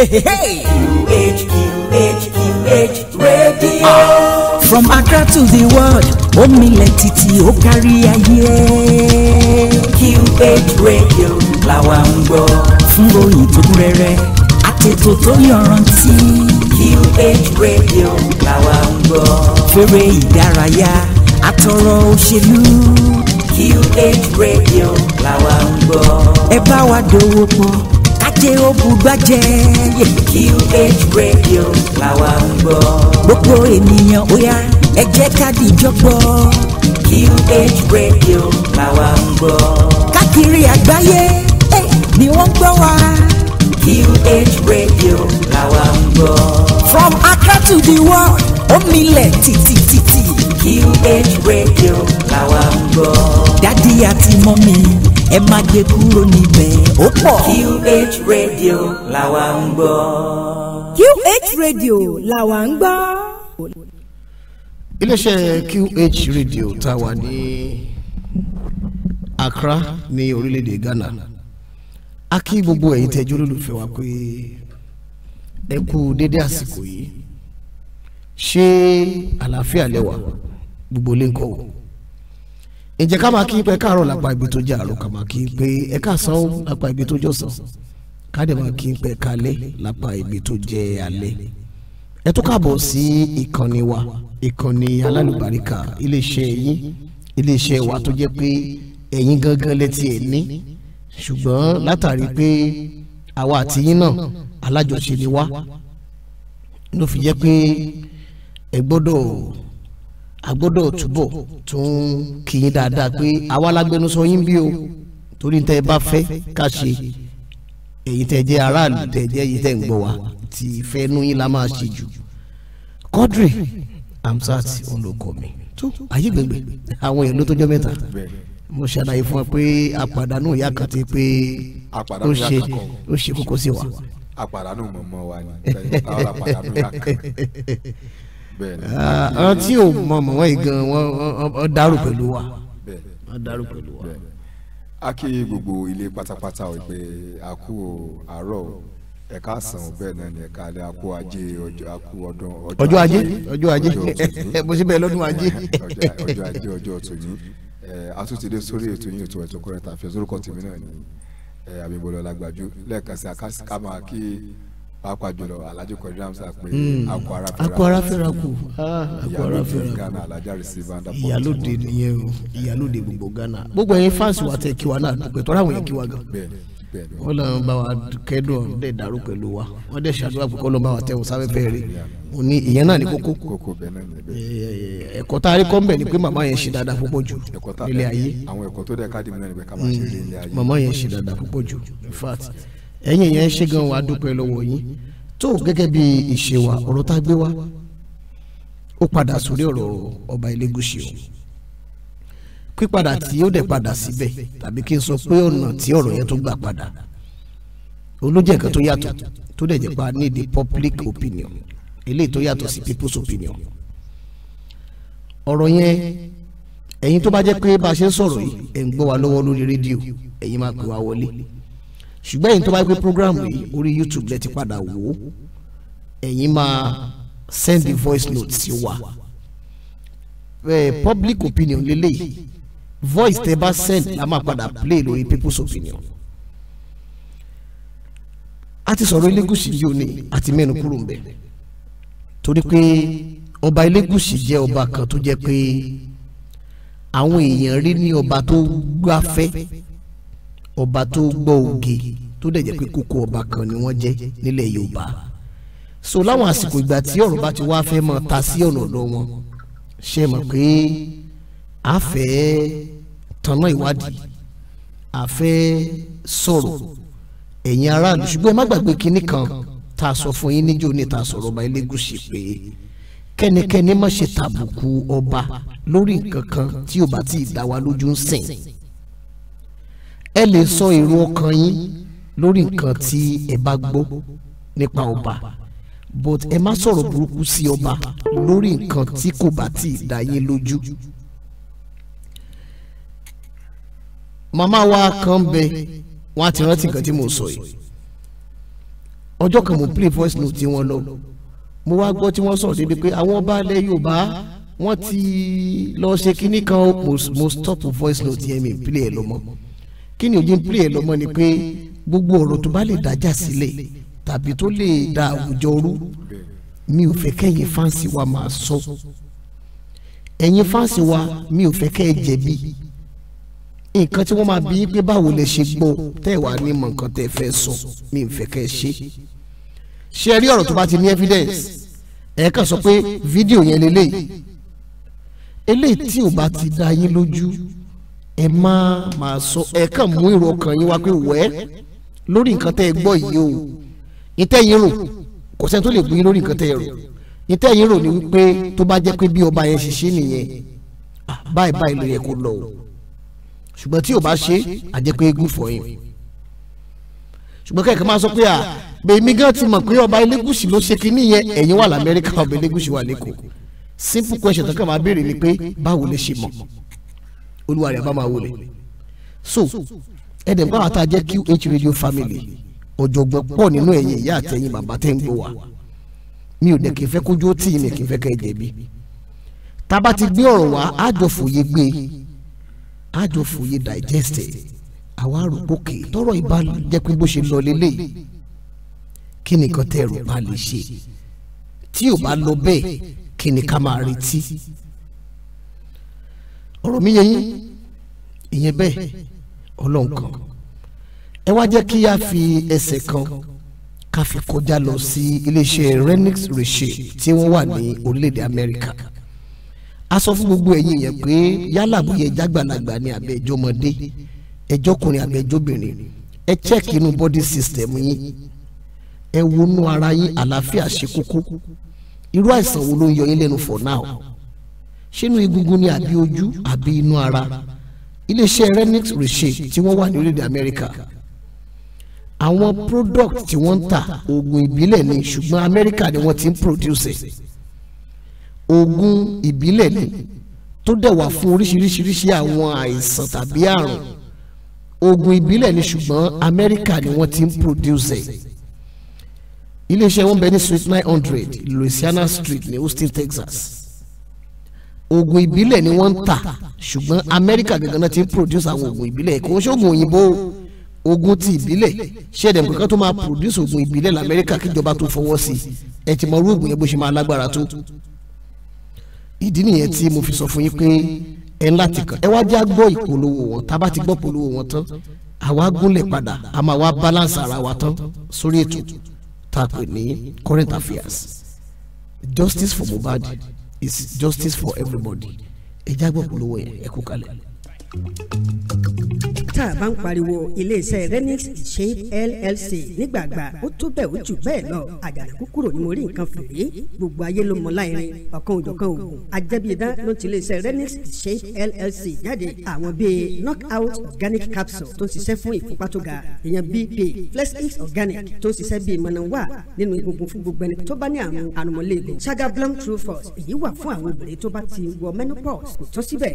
QH, QH, QH Radio. From Accra to the world, omilẹ̀ títí ó kárí ayé. QH Radio làwa ń gbọ́. Fún ròyìn tó kún rẹ́rẹ́, àtètò tó yọrantí. QH Radio làwa ń gbọ́. Fèrè ìdárayá, àtọ̀rọ̀ òṣèlú. QH Radio làwa ń gbọ́. Ẹ bá wa dòwò pọ̀ ajé ó bugbájẹ́. QH radio làwa ń gbọ́. gbogbo ènìyàn ó yá ẹ jẹ́ ká dìjọ́ gbọ́. QH radio làwa ń gbọ́. káàkiri àgbáyé eh, ni wọ́n ń gbọ́ wa. QH radio làwa ń gbọ́. from Accra to the world ó milẹ̀ tìtìtìtì. QH radio làwa ń gbọ́. dádì àti mọ́mí ẹ má gbé kúrò níbẹ̀ ó pọ̀. QH radio làwa ń gbọ́. QH radio làwa ń gbọ́. iléeṣẹ́ QH radio tá a wà ní Accra ní orílẹ̀-èdè Ghana a kí gbogbo ẹ̀yin tẹ́jú olólùfẹ́ wa pé ẹ kú dédé àsìkò yìí ṣé àlàáfíà lẹ gbogbo lè ń kọ́ wò ǹjẹ́ ká máa kí pé káàárọ̀ lápá ibi tó jẹ́ àárọ̀ ká máa kí pé ẹ káàsán lápá ibi tó jọ sàn ká dẹ̀ máa kí pé kálẹ́ lápá ibi tó jẹ́ alẹ́ ẹ tún káàbọ̀ sí ìkànnì wa ìkànnì alálùbáríkà iléeṣẹ́ yín iléeṣẹ́ wa tó jẹ́ pé ẹ̀yin gangan lẹ́tí ẹ̀ ní ṣùgbọ́n látàrí pé àwa àti yín náà alájọṣe ni wá ló fi jẹ́ pé ẹ gbọ́dọ̀ a gbọ́dọ̀ túbọ̀ tún kì í dáadáa pé àwa lágbẹnusọ yín bí o torí tẹ ẹ bá fẹ́ ká ṣe èyí tẹ jẹ́ aráàlú tẹ jẹ́ èyí tẹ ń gbọ́ wa ti fẹ́ nú yín la máa ṣe jù Quadri Hamzat olùkọ mi tó ayé gbẹgbẹ àwọn èèyàn ló tó jọ mẹ́ta mo ṣàlàyé fún wa pé àpàdánù ìyá kan ti pé ó ṣe kókó sí wa. àpàdánù mọ̀mọ́ wa ni àpàdánù ìyá kan. Ah, àwọn tí ò mọ mọ̀ wọ́n yìí gan wọ́n dárò pẹ̀lú wa wọ́n dárò pẹ̀lú wa. a kí gbogbo ilé pátápátá o pé a kú àárọ̀ ẹ̀ka àsàn bẹ́ẹ̀ náà ni ẹ̀ka alẹ́ àkú ajé àkú ọdún ọjọ́ ajé ọjọ́ ajé mo ṣe bẹ́ẹ̀ lọ́dún ajé ọjọ́ ajé ọjọ́ tòní àtúntìdé sórí ètò yìí ètò ẹ̀tọ́ kọ́rẹ́ta àfihàn sórúkọ tèmi náà ni Abímbọ́lá Ọlágbájú lẹ́ẹ̀kan sí àkásíkámà kí pàápàá jùlọ alhaji kọjú amusa pé hmm. akọ ara fẹra akọ ara fẹra kù akọ ah, ara fẹra Ghana alhaja receive under point ìyálòde nìyẹn o ìyálòde gbogbo Ghana gbogbo ẹ̀yin fans wa tẹ kí wa náà dúpẹ́ tọ́ra àwọn yẹn kí wa gan wọ́n lọ bá wa kẹ́dùn ọ̀hún dẹ̀ dàrú pẹ̀lú wa wọ́n dẹ̀ ṣàdúrà pé kọ́ ló bá wa tẹ̀wọ̀n sáfẹ́fẹ́ rí mo ní ìyẹn náà ní kókó ẹ̀kọ́ tá a rí kọ́ńbẹ̀ ni pé màmá yẹn ṣe dáadáa púpọ̀ jù hmm. nílé ayé màmá yẹn ṣe dáadáa púpọ̀ jù in fact ẹ̀yin yẹn ṣe gan wa dúpẹ́ lọ́wọ́ yín tó gẹ́gẹ́ bí ìṣe wa tá a gbé wa ó padà sórí ọ̀rọ̀ ọba Elégùṣì o pípadà tí ó dẹ̀ padà síbẹ̀ tàbí kí n sọ pé ọ̀nà tí ọ̀rọ̀ yẹn tó gbà padà olójẹ́ nǹkan tó yàtọ̀ tó dẹ̀ jẹ́ pa ní the public opinion eléyìí tó yàtọ̀ sí people's opinion ọ̀rọ̀ yẹn ẹ̀yin tó bá jẹ́ pé bá a ṣe ń sọ̀rọ̀ yìí ẹ̀ ń gbọ́ wa lọ́wọ́ lórí rédíò ẹ̀yin máa pè wá wọlé ṣùgbọ́n ẹ̀yin tó bá gbé program yìí orí YouTube lẹ ti padà wò ó ẹ̀yin máa send the voice note sí wa public opinion lélẹ́yìí voice tẹ bá send la máa padà play lórí people's opinion a ti sọ̀rọ̀ Elégùṣì yìí ò ní àti mẹ́nu kúrò ń bẹ̀ torí pé ọba Elégùṣì jẹ́ ọba kan tó jẹ́ pé àwọn èèyàn rí ní ọba tó gbáfẹ́ ọba tó gbọ́ oge tó dẹ̀ jẹ́ pé kókó ọba kan ni wọ́n jẹ́ nílẹ̀ yorùbá so láwọn àsìkò ìgbà tí ọ̀rọ̀ bá ti wá fẹ́ mọ́ ta sí ọ̀nà ọ̀dọ̀ wọn ṣe mọ̀ pé a fẹ́ tanná ìwádìí a fẹ́ sọ̀rọ̀ ẹ̀yin aráàlú ṣùgbọ́n ẹ má gbàgbé kinní kan tá a sọ fún yín níjó ní ta sọ̀rọ̀ ọba Elégùṣì pé kẹ́nikẹ́ni má ṣe tàbùkù ọba lórí nǹkan kan tí ò bá tí dá wa lójú ń sìn ẹ lè sọ èrò ọkàn yín lórí nǹkan tí ẹ bá gbọ́ nípa ọba but ẹ má sọ̀rọ̀ burúkú sí ọba lórí nǹkan tí kò bá tí ì dáyé lójú. màmá wa kan bẹ wọn á ti rántí nǹkan tí mo sọ yìí ọjọ́ kan mo play voice note tí wọ́n lọ mo wá gbọ́ tí wọ́n sọ̀rọ̀ débi pé àwọn ọba alẹ́ Yorùbá wọ́n ti lọ ṣe kinní kan mo stop voice note yẹn mi play ẹ̀ lọ́mọ́ kí ni òye ń pè é lọ́mọ ni pé gbogbo ọ̀rọ̀ tó bá lè dájà sílẹ̀ tàbí tó lè da àwùjọ rú mi ò fẹ́ kẹ́yìn fáǹsì wa máa sọ ẹ̀yin fáǹsì wa mi ò fẹ́ kẹ́ ẹ jẹ̀bi nǹkan tí wọ́n máa bí pé báwo lẹ ṣe gbọ́ tẹ́ ẹ̀ wá ní mọ̀ nǹkan tẹ́ ẹ fẹ́ sọ mi ò fẹ́ kẹ́ ẹ ṣe ṣe rí ọ̀rọ̀ tó bá ti ní evidence ẹ̀ kàn sọ pé fídíò yẹn lélẹ́yìí eléyìí tí ò bá ti dá yín lójú ẹ má máa sọ ẹ kàn mú èrò ọkàn yín wá pé wẹ́ lórí nǹkan tẹ́ ẹ gbọ́ yìí o ìtẹ́yìn rò kò sẹ́ni tó lè gbé yín lórí nǹkan tẹ́ ẹ rò ìtẹ́yìn rò ni wípé tó bá jẹ́ pé bí ọba yẹn ṣiṣẹ́ nìyẹn báyìí báyìí ló yẹ kó lọ o ṣùgbọ́n tí o bá ṣe àjẹpé egun fọ yín ṣùgbọ́n kẹ̀kẹ́ máa sọ pé à bèmí gan ti mọ̀ pé ọba elégùsì ló ṣe kínní yẹn ẹ̀yin wà lamẹ́ríkà ọba elégùsì wà lẹ́kọ̀ọ́ simple question tó kàn máa béèrè ni pé báwo lè ṣe mọ̀ olúwa rẹ̀ bá máa wọlé so ẹ̀dẹ̀ bá wàá ta jẹ́ QH radio family ọ̀jọ̀gbọ́n pọ̀ nínú ẹ̀yin ìyá àtẹ̀yìn bàbá tẹ̀ ń gbọ́ wa mi ò dẹ̀ kí n fẹ́ kójú ó tì í mi kí n fẹ́ kẹ́ ẹ jẹ̀bi tá a ti gbé ọ̀rọ̀ wá á jọ gbé á jọ fòye àwa rò tọrọ ìbá jẹ́ pé bó ṣe lọ lélẹ́yìí kí nìkan tẹ́ ẹ̀rù bá lè ṣe tí ò bá lọ bẹ́ẹ̀ kí ni máa retí ọ̀rọ̀ mi yẹ yín ìyẹn bẹ́ẹ̀ ọlọ́run kan ẹ wá jẹ́ kí a fi ẹsẹ̀ kan ká fi kọjá lọ sí iléeṣẹ́ Renix Reshe tí wọ́n wà ní orílẹ̀-èdè Amẹ́ríkà a sọ fún gbogbo ẹ̀yin yẹn pé yálà bóyá ẹja gbàlagbà ni àbẹ̀ ẹjọ́ ọmọdé ẹjọ́ ọkùnrin àbẹ̀ ẹjọ́ obìnrin ẹ check inú body system yín ẹ wọnú ara yín àlàáfíà ṣe kókó irú àìsàn wo ló ń yọ yín lẹ́nu for now ṣínú egungun ni àbí ojú àbí inú ara iléeṣẹ́ renix reshape tí wọ́n wà ní orílẹ̀-èdè amẹ́ríkà àwọn product tí wọ́n ń tà oògùn ìbílẹ̀ ni ṣùgbọ́n amẹ́ríkà ni wọ́n ti ń produce oògùn ìbílẹ̀ ni tó dẹ̀ wà fún oríṣiríṣiríṣi àwọn àìsàn tàbí àrùn oògùn ìbílẹ̀ ni ṣùgbọ́n amẹ́ríkà ni wọ́n ti ń produce iléeṣẹ́ wọn bẹ ní suite nine hundred Louisiana Street ní Austin Texas oògùn ìbílẹ̀ ni wọ́n ń tà ṣùgbọ́n amẹ́ríkà gangan náà ti ń produce àwọn oògùn ìbílẹ̀ kò ń ṣoògùn òyìnbó oògùn ti ìbílẹ̀ ṣẹ̀dẹ̀ nǹkan tó máa produce oògùn ìbílẹ̀ lamẹ́ríkà kíjọba tó fọwọ́ sí ẹ ti mọ irú oògùn yẹn bó ṣe máa lágbára tó ìdí nìyẹn tí mo fi sọ fún yín pé ẹ ńlá ti kàn ẹ wá já gbọ́ ìpolówó wọn tá a bá ti gbọ́ ìpolówó wọn tán àwa gúnlẹ̀ padà a máa wá balance ara wa tán sórí ètò tá a pè ní current affairs justice for Mohbad is justice for everybody ẹ jágbọ́ polówó yẹn ẹ kú kalẹ̀ tá a bá ń pariwo iléeṣẹ́ renix shape llc nígbàgbà ó tó bẹ́ẹ̀ ó jù bẹ́ẹ̀ lọ àjànàkú kúrò ní mo rí nǹkan fìrí gbogbo ayé ló mọ láìrin ọ̀kan òjọ̀kan oògùn ajẹ́bíidán ló ti iléeṣẹ́ renix shape llc jáde àwọn bíi knockout organic capsule tó ṣiṣẹ́ fún ìfúnpá tó ga èèyàn bp flexix organic tó ṣiṣẹ́ bíi mọ̀nàwá nínú egungun fún gbogbo ẹni tó bá ní àrùn àrùnmọ́lẹ́gùn saga blum true force èyí wà fún àwọn obìnrin menopause kò tọ́ síbẹ̀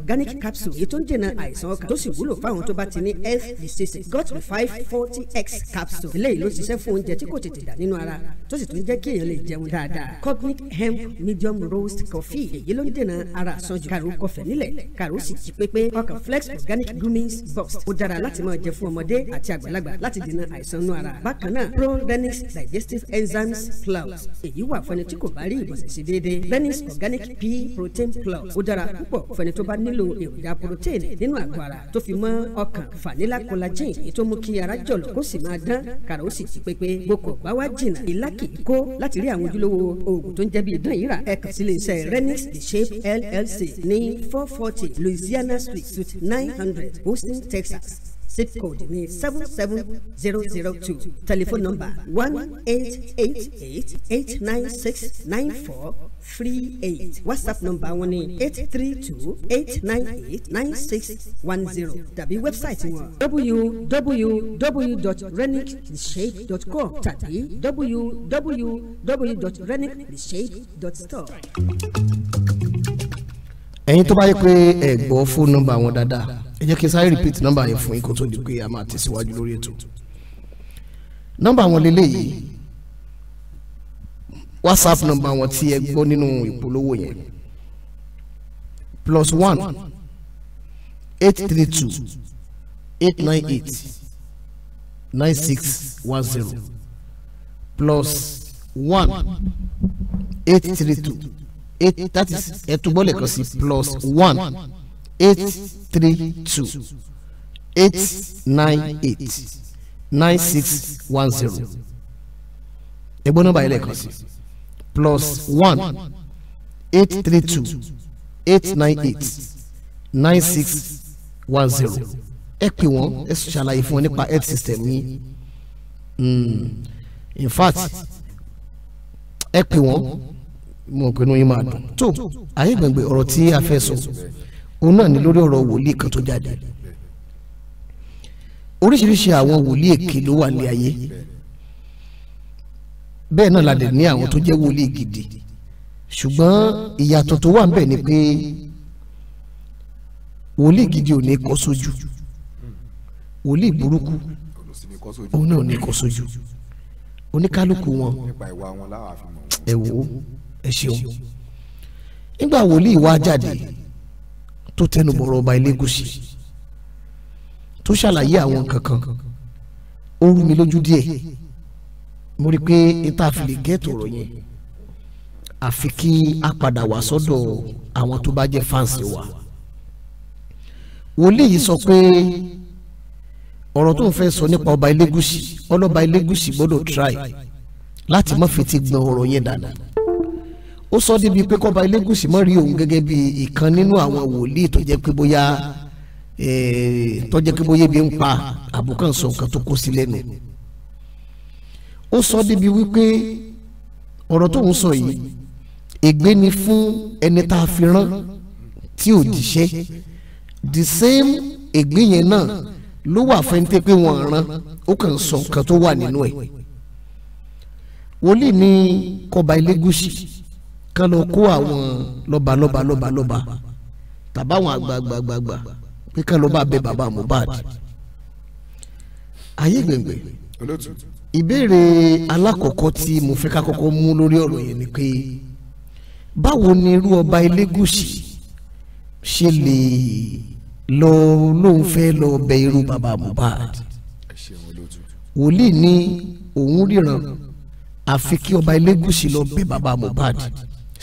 organic capsule èyí tó ń dènà àìsàn ọkàn tó sì wúlò fáwọn tó bá ti ní health disease gut revive forty x capsule eléyìí ló ṣiṣẹ́ fún oúnjẹ tí kò tètè dà nínú ara tó sì tún jẹ́ kí èèyàn lè jẹun dáadáa cognic hemp medium roast coffee èyí ló ń dènà ara àsanjù kàrò kọfẹ́ nílẹ̀ kàrò sì jí pépé ọkàn flex organic gummies box ó dára láti máa jẹ fún ọmọdé àti àgbàlagbà láti dènà àìsàn nú ara bákan náà prorenix digestive enzymes plus èyí wà fún ẹni tí kò bá rí ìgbọ̀nsẹ̀ sí déédéé renix organic pea protein plus ó dára púpọ̀ fún ẹni tó bá nílò èròjà protein protein nínú àgọ́ ara tó fi mọ́ ọkàn fanila collagen èyí tó mú kí ara jọ̀lọ̀ kó sì máa dán kàrà ó sì jí pépé gbogbo ọ̀gbá wa jìnnà ìlà kì í kó láti rí àwọn ojúlówó oògùn tó ń jẹ́ bí idán yìí rà ẹ kàn sí ilé iṣẹ́ renix the shape llc ní four forty louisiana street suite nine hundred houston texas zip code ní seven seven zero zero two telephone number one eight eight eight eight nine six nine four three eight whatsapp number wọn ni eight three two eight nine eight nine six one zero tàbí wẹ́bsáìtì wọn www.renictheshape.com tàbí www.renictheshape.store. ẹ̀yin tó bá yẹ pé ẹ gbọ́ fóònù nọ́mbà wọn dáadáa ẹ jẹ́ kí n sáré repeat nọ́mbà yẹn fún yín kó tó di pé a máa tẹ̀síwájú lórí ètò nọ́mbà wọn lélẹ́yìí whatsapp number wọn tí ẹ gbọ́ nínú ìpolówó yẹn plus one eight three two eight nine eight nine six one zero plus one eight three two eight that is ẹtúbọ̀ lẹ́ẹ̀kan sí plus one eight three two eight nine eight nine six one zero ẹgbọ́n nọ́mbà yẹn lẹ́ẹ̀kan sí plus one eight three two eight nine eight nine six one zero ẹ pè wọ́n ẹ ṣàlàyé fún wọn nípa health system yín hmm. in fact ẹ pè wọ́n mo pinnu yín máa dùn tó ayé gbàgbé ọ̀rọ̀ tí a fẹ́ sọ òun náà ni lórí ọ̀rọ̀ wòlíì kan tó jáde oríṣiríṣi àwọn wòlíì èké ló wà ní ayé bẹ́ẹ̀ náà la lè ní àwọn tó jẹ́ wòlíì gidi ṣùgbọ́n ìyàtọ̀ tó wà ń bẹ̀ ni pé wòlíì gidi ò ní kọ́ sójú wòlíì burúkú òun náà ò ní kọ́ sójú oníkálukú wọn ẹ wò ó ẹ ṣeun nígbà wòlíì wá jáde tó tẹnu bọ̀rọ̀ ọba Elégùṣì tó ṣàlàyé àwọn kankan ó rú mi lójú díẹ̀ mo rí i pé níta fi lè gẹ́ẹ̀tì ọ̀rọ̀ yẹn àfi kí a padà wá sọ́dọ̀ àwọn tó bá jẹ́ fáǹsì wa wòlíì yìí sọ pé ọ̀rọ̀ tó ń fẹ́ sọ nípa ọba Elégùṣì ọlọ́ba Elégùṣì gbọ́dọ̀ try láti má fetí gbọ́n ọ̀rọ̀ yẹn dànù ó sọ débi pé kọ́ba Elégùṣì mọ́ rí òun gẹ́gẹ́ bí ìkan nínú àwọn wòlíì tó jẹ́ pé bóyá eh, tó jẹ́ pé bóyá ebi ń pa àbùkàn sọ tó kó sí lẹ́nu ó sọ débi wípé ọ̀rọ̀ tó ń sọ yìí ègbé ni fún ẹni tá a fi rán tí ò jíṣẹ́ the same ègbé yẹn náà ló wà fẹ́ntẹ́ pé wọ́n rán ó kàn sọ nǹkan tó wà nínú ẹ̀ wòlíì ní kọba Elégùṣì kán lọ kó àwọn lọ́ba lọ́ba lọ́ba lọ́ba tàbáwọn àgbààgbààgbà pé kán lọ bá bẹ bàbá Mohbad ayé gbẹ̀ngbẹ̀ ìbéèrè alákọ̀ọ́kọ́ tí mo fẹ́ ká kọ́kọ́ mú lórí ọ̀rọ̀ yẹn ni pé báwo ni irú ọba Elégùṣì ṣe lè lọ lóun fẹ́ lọ bẹ irú bàbá Mohbad wòlíì ní òun ríran àfi kí ọba Elégùṣì lọ bẹ bàbá Mohbad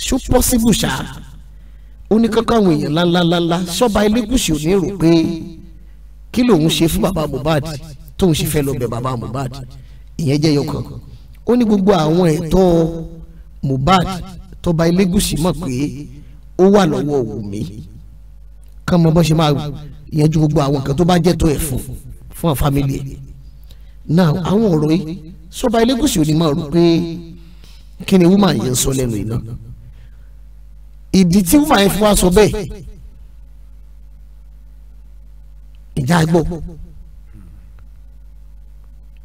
ṣó pọ́síbù ṣá ó ní kankan àwọn èèyàn ńláńláńlá ṣọba Elégùṣì ò ní rò pé kí lòun ṣe fún bàbá Mohbad tóun ṣe fẹ́ lọ bẹ bàbá Mohbad. Mohbad ìyẹn jẹ́ yọkàn ó ní gbogbo àwọn ẹ̀tọ́ Mohbad tọba Elégùṣì mọ̀ pé ó wà lọ́wọ́ Wùmí kán mọ bó ṣe máa yanjú gbogbo àwọn nǹkan tó bá jẹ́ tó ẹ̀ fún fún àwọn fámìlì ẹ̀ náà àwọn ọ̀rọ̀ yìí sọba Elégùṣì ò ní máa rò pé kí ni woman yẹn sọ lẹ́nu iná ìdí tí woman yẹn fi wá sọ bẹ́ẹ̀ ìjà gbọ́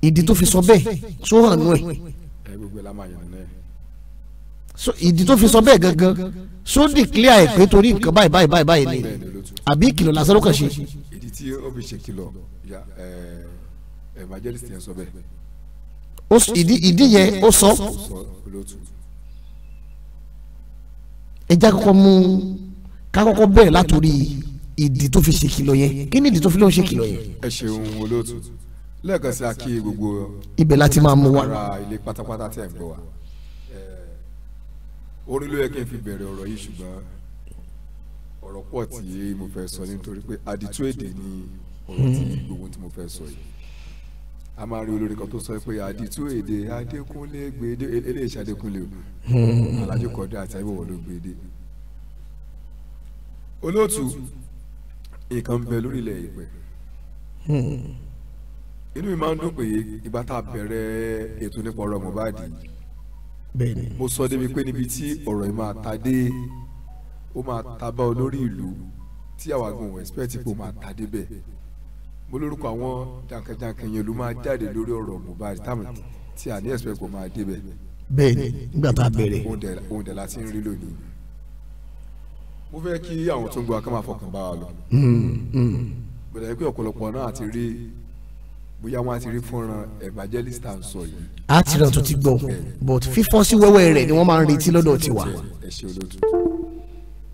ìdí tó fi sọ bẹ́ẹ̀ sọ hàn nù ẹ̀ so ìdí tó fi sọ bẹ́ẹ̀ gangan so declare ẹ̀ pé torí nǹkan báyìí báyìí báyìí báyìí ni àbí ìkìlọ̀ lásán ló kàn ṣe. ìdí tí ó fi ṣe kìlọ̀ evangelist yẹn sọ bẹ́ẹ̀. ìdí ìdí yẹn ó sọ ẹ já kọ́kọ́ mú ká kọ́kọ́ bẹ̀rẹ̀ látòrí ìdí tó fi ṣe kìlọ̀ yẹn kí ni ìdí tó fi lóun ṣe kìlọ̀ yẹn. ẹ ṣeun olóòtú lẹ́ẹ̀kan sí àkíyè gbogbo ibẹ̀ láti máa mú wa. ara ilé pátápátá tẹ̀ ń gbọ́ wa eh, orin ló yẹ kí n fi bẹ̀rẹ̀ ọ̀rọ̀ yìí ṣùgbọ́n ọ̀rọ̀ pọ̀ tí mo fẹ́ sọ nítorí pé àdìtú èdè ni ọ̀rọ̀ tí gbogbo tí mo fẹ́ sọ yìí a máa rí olórí kan tó sọ pé àdìtú èdè adékúnlé gbèdé eléyìí ṣàdékúnlé o hmm. alájò kọdá àti àyẹ̀wò wọ̀lú gbèdé olóòtú nǹkan ń bẹ lórílẹ̀ ìpẹ́ inú mi máa ń dùn pé ìgbà tá a bẹ̀rẹ̀ ètò nípa ọ̀rọ̀ Mohbad mo sọ débi pé níbi tí ọ̀rọ̀ yìí máa ta dé ó máa ta bá olórí ìlú tí àwa gan ò expect pé ó máa ta débẹ̀ mo lórúkọ àwọn jàǹkànjàǹkàn yẹn ló máa jáde lórí ọ̀rọ̀ Mohbad táwọn tí a ní expect pé ó máa débẹ̀. bẹ́ẹ̀ni nígbà tá a bẹ̀rẹ̀. ohun dẹ̀ la ti ń rí lónìí mo fẹ́ kí àwọn tó ń gbọ́ aká máa fọkàn bá wa lọ. bẹ̀rẹ̀ hmm, hmm. pé bóyá wọn á ti rí fúnran evangelist à ń sọ yìí. a ti ràn ti gbọ́ but fífọ́ sí wẹ́wẹ́ rẹ̀ ni wọ́n máa ń retí lọ́dọ̀ tiwa.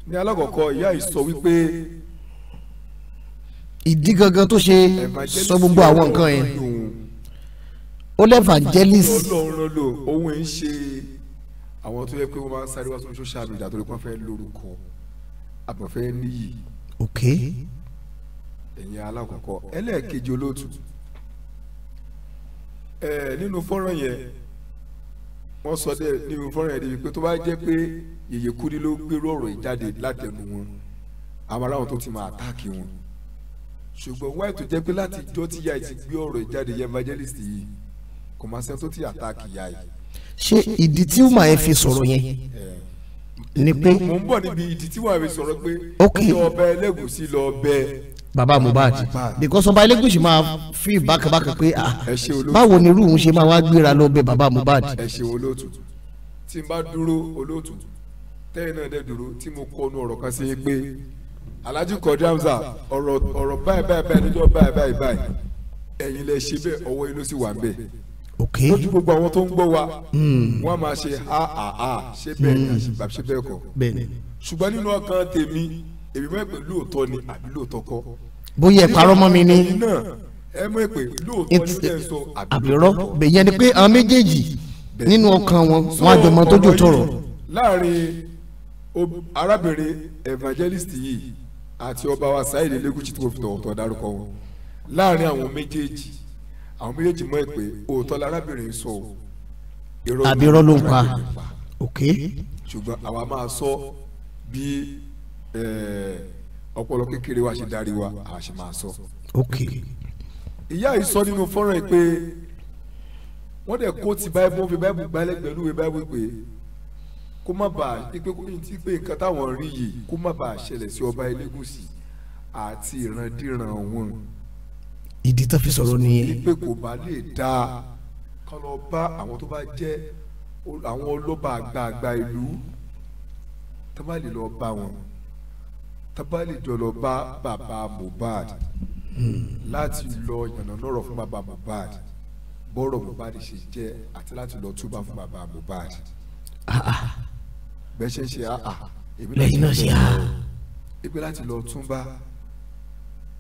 ní alákọ̀ọ́kọ́ ìyá yìí sọ wípé. ìdí gangan tó ṣe sọ gbogbo àwọn nǹkan yẹn ó lẹ́ evangelist. òun ń ṣe àwọn tó yẹ pé wọ́n máa ń sáré wá sórí social media torí wọ́n fẹ́ lórúkọ àbọ̀fẹ́ níyì. ok. ẹ̀yin alákọ̀ọ́kọ́ ẹlẹ́ẹ̀kejì olóòtú. Okay nínú fọ́nrán yẹn wọ́n sọ dé nínú fọ́nrán yẹn débi pé tó bá jẹ́ pé yèyé kúdí ló gbérú ọ̀rọ̀ yìí jáde látẹnu wọn àwọn aráwọn tó ti máa àtáàkì wọn ṣùgbọ́n wáyé tó jẹ́ pé láti ìjọ tí yáì ti gbé ọ̀rọ̀ ìjáde yẹn evangelist yìí kò máa ṣe tó ti àtáàkì yáì. ṣé ìdí tí màá yẹn fi sọ̀rọ̀ yẹn ni pé. mo ń bọ̀ níbi ìdí tí màá yẹn fi sọ̀rọ̀ pé. ok baba Mohbad because ọba Elegushi máa fi bákàbákà pé ah, báwo ni irú òun ṣe máa wá gbéra lọ bẹ baba Mohbad. ẹ ṣe olóòtú tí n bá dúró olóòtú tẹ́yìn náà dẹ̀ dúró tí mo kọnu ọ̀rọ̀ kan sí i pé Alhaji Quadri Hamzat ọ̀rọ̀ ọ̀rọ̀ báyìí báyìí báyìí níjọ́ báyìí báyìí báyìí ẹ̀yin lẹ ṣe bẹ́ẹ̀ ọwọ́ yín ló sì wà ń bẹ̀. ok lójú gbogbo àwọn tó ń gbọ́ wa hmm. wọ́n máa ṣe ha ha ha ṣé bẹ́ẹ̀ ni àṣìbà ṣe bẹ́ẹ̀ hmm. kọ́ ṣùgbọ́n nínú ọkàn tèmi èmi mọ̀ pé lóòótọ́ ni àbí lóòótọ́ kọ́. bóyá ẹ parọ́ mọ́ mi ni. ẹ mọ̀ pé lóòótọ́ ni ẹ sọ àbí rọ́. ìyẹn ni pé àwọn méjèèjì nínú ọkàn wọn wọn àjọ mọ tójú tọrọ. láàrin arábìnrin evangelist yìí àti ọba wa Saheed Elegushi tí mo fi tọ̀wọ̀tọ̀ dárúkọ wọn láàrin àwọn méjèèjì àwọn méjèèjì mọ̀ pé òótọ́ lárábìnrin sọ àbí rọ́ ń pa ok. ṣùgbọ́n àwa máa sọ bí Eh, ọpọlọ kékeré wa ṣe darí wa a ṣe máa sọ. ìyá yìí sọ nínú fọ́nrán yìí pé wọ́n dẹ̀ kó ti báyìí wọ́n fi báyìí gbalẹ̀ pẹ̀lú ìwé báyìí pé kó má bàa ipe kó ní ti pé nǹkan táwọn rí yìí kó má bàa ṣẹlẹ̀ sí ọba Ẹlẹ́gùṣì àti ìrandíran wọn. ìdí tó fi sọ̀rọ̀ nìyẹn. ipe kò bá lè dáa kán lọ bá àwọn tó bá jẹ́ àwọn ọlọ́ba àgbààgbà ìlú tó bá lè lọ bá wọn. Tabali jọlọ bá bàbá Mohbad hmm. láti lọ yànnànọ́rọ̀ fún bàbá Mohbad bọ́rọ̀ Mohbad ṣe jẹ́ àti láti lọ túbà fún bàbá Mohbad. Ah, ah. bẹ́ẹ̀ ṣe ń ṣe àà ah, náà ṣe àà ipe láti lọ túbà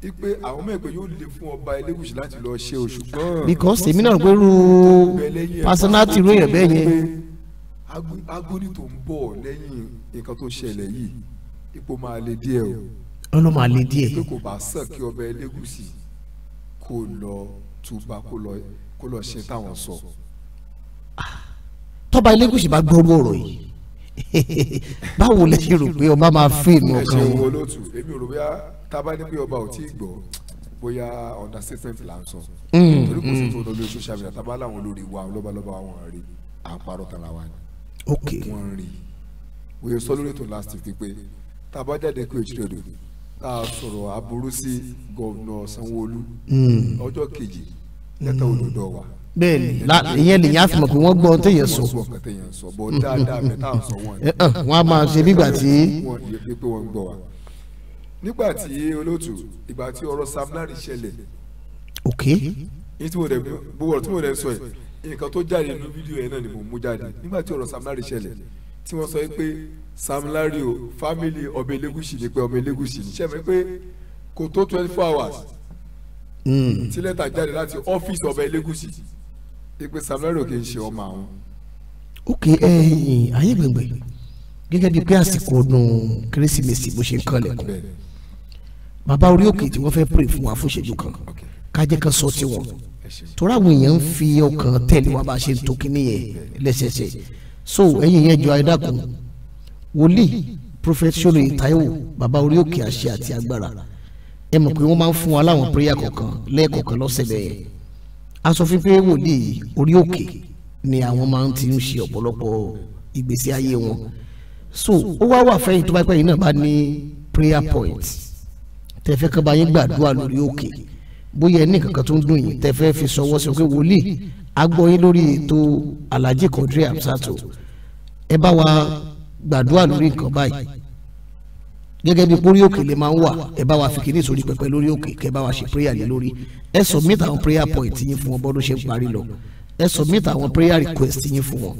ipe àwọn ọmọ yóò lè fún ọba Elégùṣì láti lọ ṣe oṣù gbọ́n. because èmi náà gbẹ́rù personality ròyìn bẹ́ẹ̀ yẹn. agoni tó ń bọ̀ lẹ́yìn nǹkan tó ṣẹlẹ̀ yìí ipò máa le díẹ̀ o. ó ló máa le díẹ̀. pé kò bá sàn kí ọba Ẹlẹ́gùṣì kó lọ túbà kó lọ kó lọ ṣe táwọn sọ. Ah, tọ́ba Ẹlẹ́gùṣì bá gbọ́rú ọ̀rọ̀ yìí báwo lè ṣe rò pé ọba máa fún ìmọ̀ kan. ẹ ṣe owó lótú èmi rò bóyá tábà ní pé ọba ò tí ì gbọ́ bóyá understatement là ń sọ. Mm, torí kò sí mm. tó lórí social media tábà láwọn olórí wa lọ́balọ́ba wọn rí àparọ́ tara wa ni. ok wọ́n rí i. oye sọ lórí ètò last week pé tá a bá jáde pé òjì dòdò tá a sọ̀rọ̀ aburú sí gọ̀ọ̀nà sanwóolu hmm. ọjọ́ kejì lẹ́tà hmm. òdòdó wa. bẹ́ẹ̀ni ìyẹn nìyẹn àfihàn pé wọ́n gbọ́ ohun téèyàn sọ. wọ́n eh, eh, á máa ṣe bígbà tí. nígbà tí olóòtú ìgbà tí ọ̀rọ̀ Sam Larry ṣẹlẹ̀. ok. ní tí mo tí mo dẹ̀ sọ yìí nǹkan tó jáde nínú fídíò yẹn náà ni mo mú jáde nígbà tí ọ̀rọ̀ Sam ṣẹlẹ̀ tí wọ́n sọ pé Sam Larry o family ọmọ Elegushi ni pé ọmọ Elegushi ni ṣe mi pé kò tó twenty four hours hmm. tí lẹ́tà jáde láti ọ́fíìsì ọmọ Elegushi ni pé Sam Larry kì í ṣe ọmọ àwọn. ok ayé gbẹ̀gbẹ̀ gẹ́gẹ́ bíi pé àsìkò ọdún kérésìmesì bó ṣe ń kanlẹ̀kùn bàbá orí òkè tí wọ́n fẹ́ pray fún wa fún ìṣẹ́jú kan kájẹ́ kan sọ tiwọn torí àwọn èèyàn ń fi ọkàn tẹ̀lé wa bá a ṣe ń tó kí nìyẹn lẹ́sẹsẹ so ẹ̀yin yẹn jọ àìdàkùn wòlíì prophet sori taiwo bàbá orí òkè àṣẹ àti agbára ẹ mọ̀ pé wọ́n máa ń fún wa láwọn prayer kọ̀ọ̀kan lẹ́ẹ̀kọ̀ọ̀kan lọ́sẹ̀ bẹ́ẹ̀ aṣọ fífẹ́ wòlíì orí òkè ni àwọn máa ń ti ń ṣe ọ̀pọ̀lọpọ̀ ìgbésí ayé wọn so ó wá wà fẹ́yìn tó bá pẹ́ náà bá ní prayer point tẹ̀fẹ́ kan bá yín gbàdúrà lórí òkè bóyá ẹnì kankan tó ń dùn yìí tẹ́ fẹ́ fi sọwọ́ sí pé wòlíì agbóyin lórí ètò alhaji Quadri Hamzatu ẹ bá wa gbàdúrà lórí nǹkan báyìí gẹ́gẹ́ bí pórí òkè lè máa ń wà ẹ bá wa fi kìíní sórí pẹpẹ lórí òkè kẹ bá wa ṣe prayer lé lórí ẹ submit àwọn prayer point yín fún wọn bọ́dún ṣe ń parí lọ ẹ submit àwọn prayer request yín fún wọn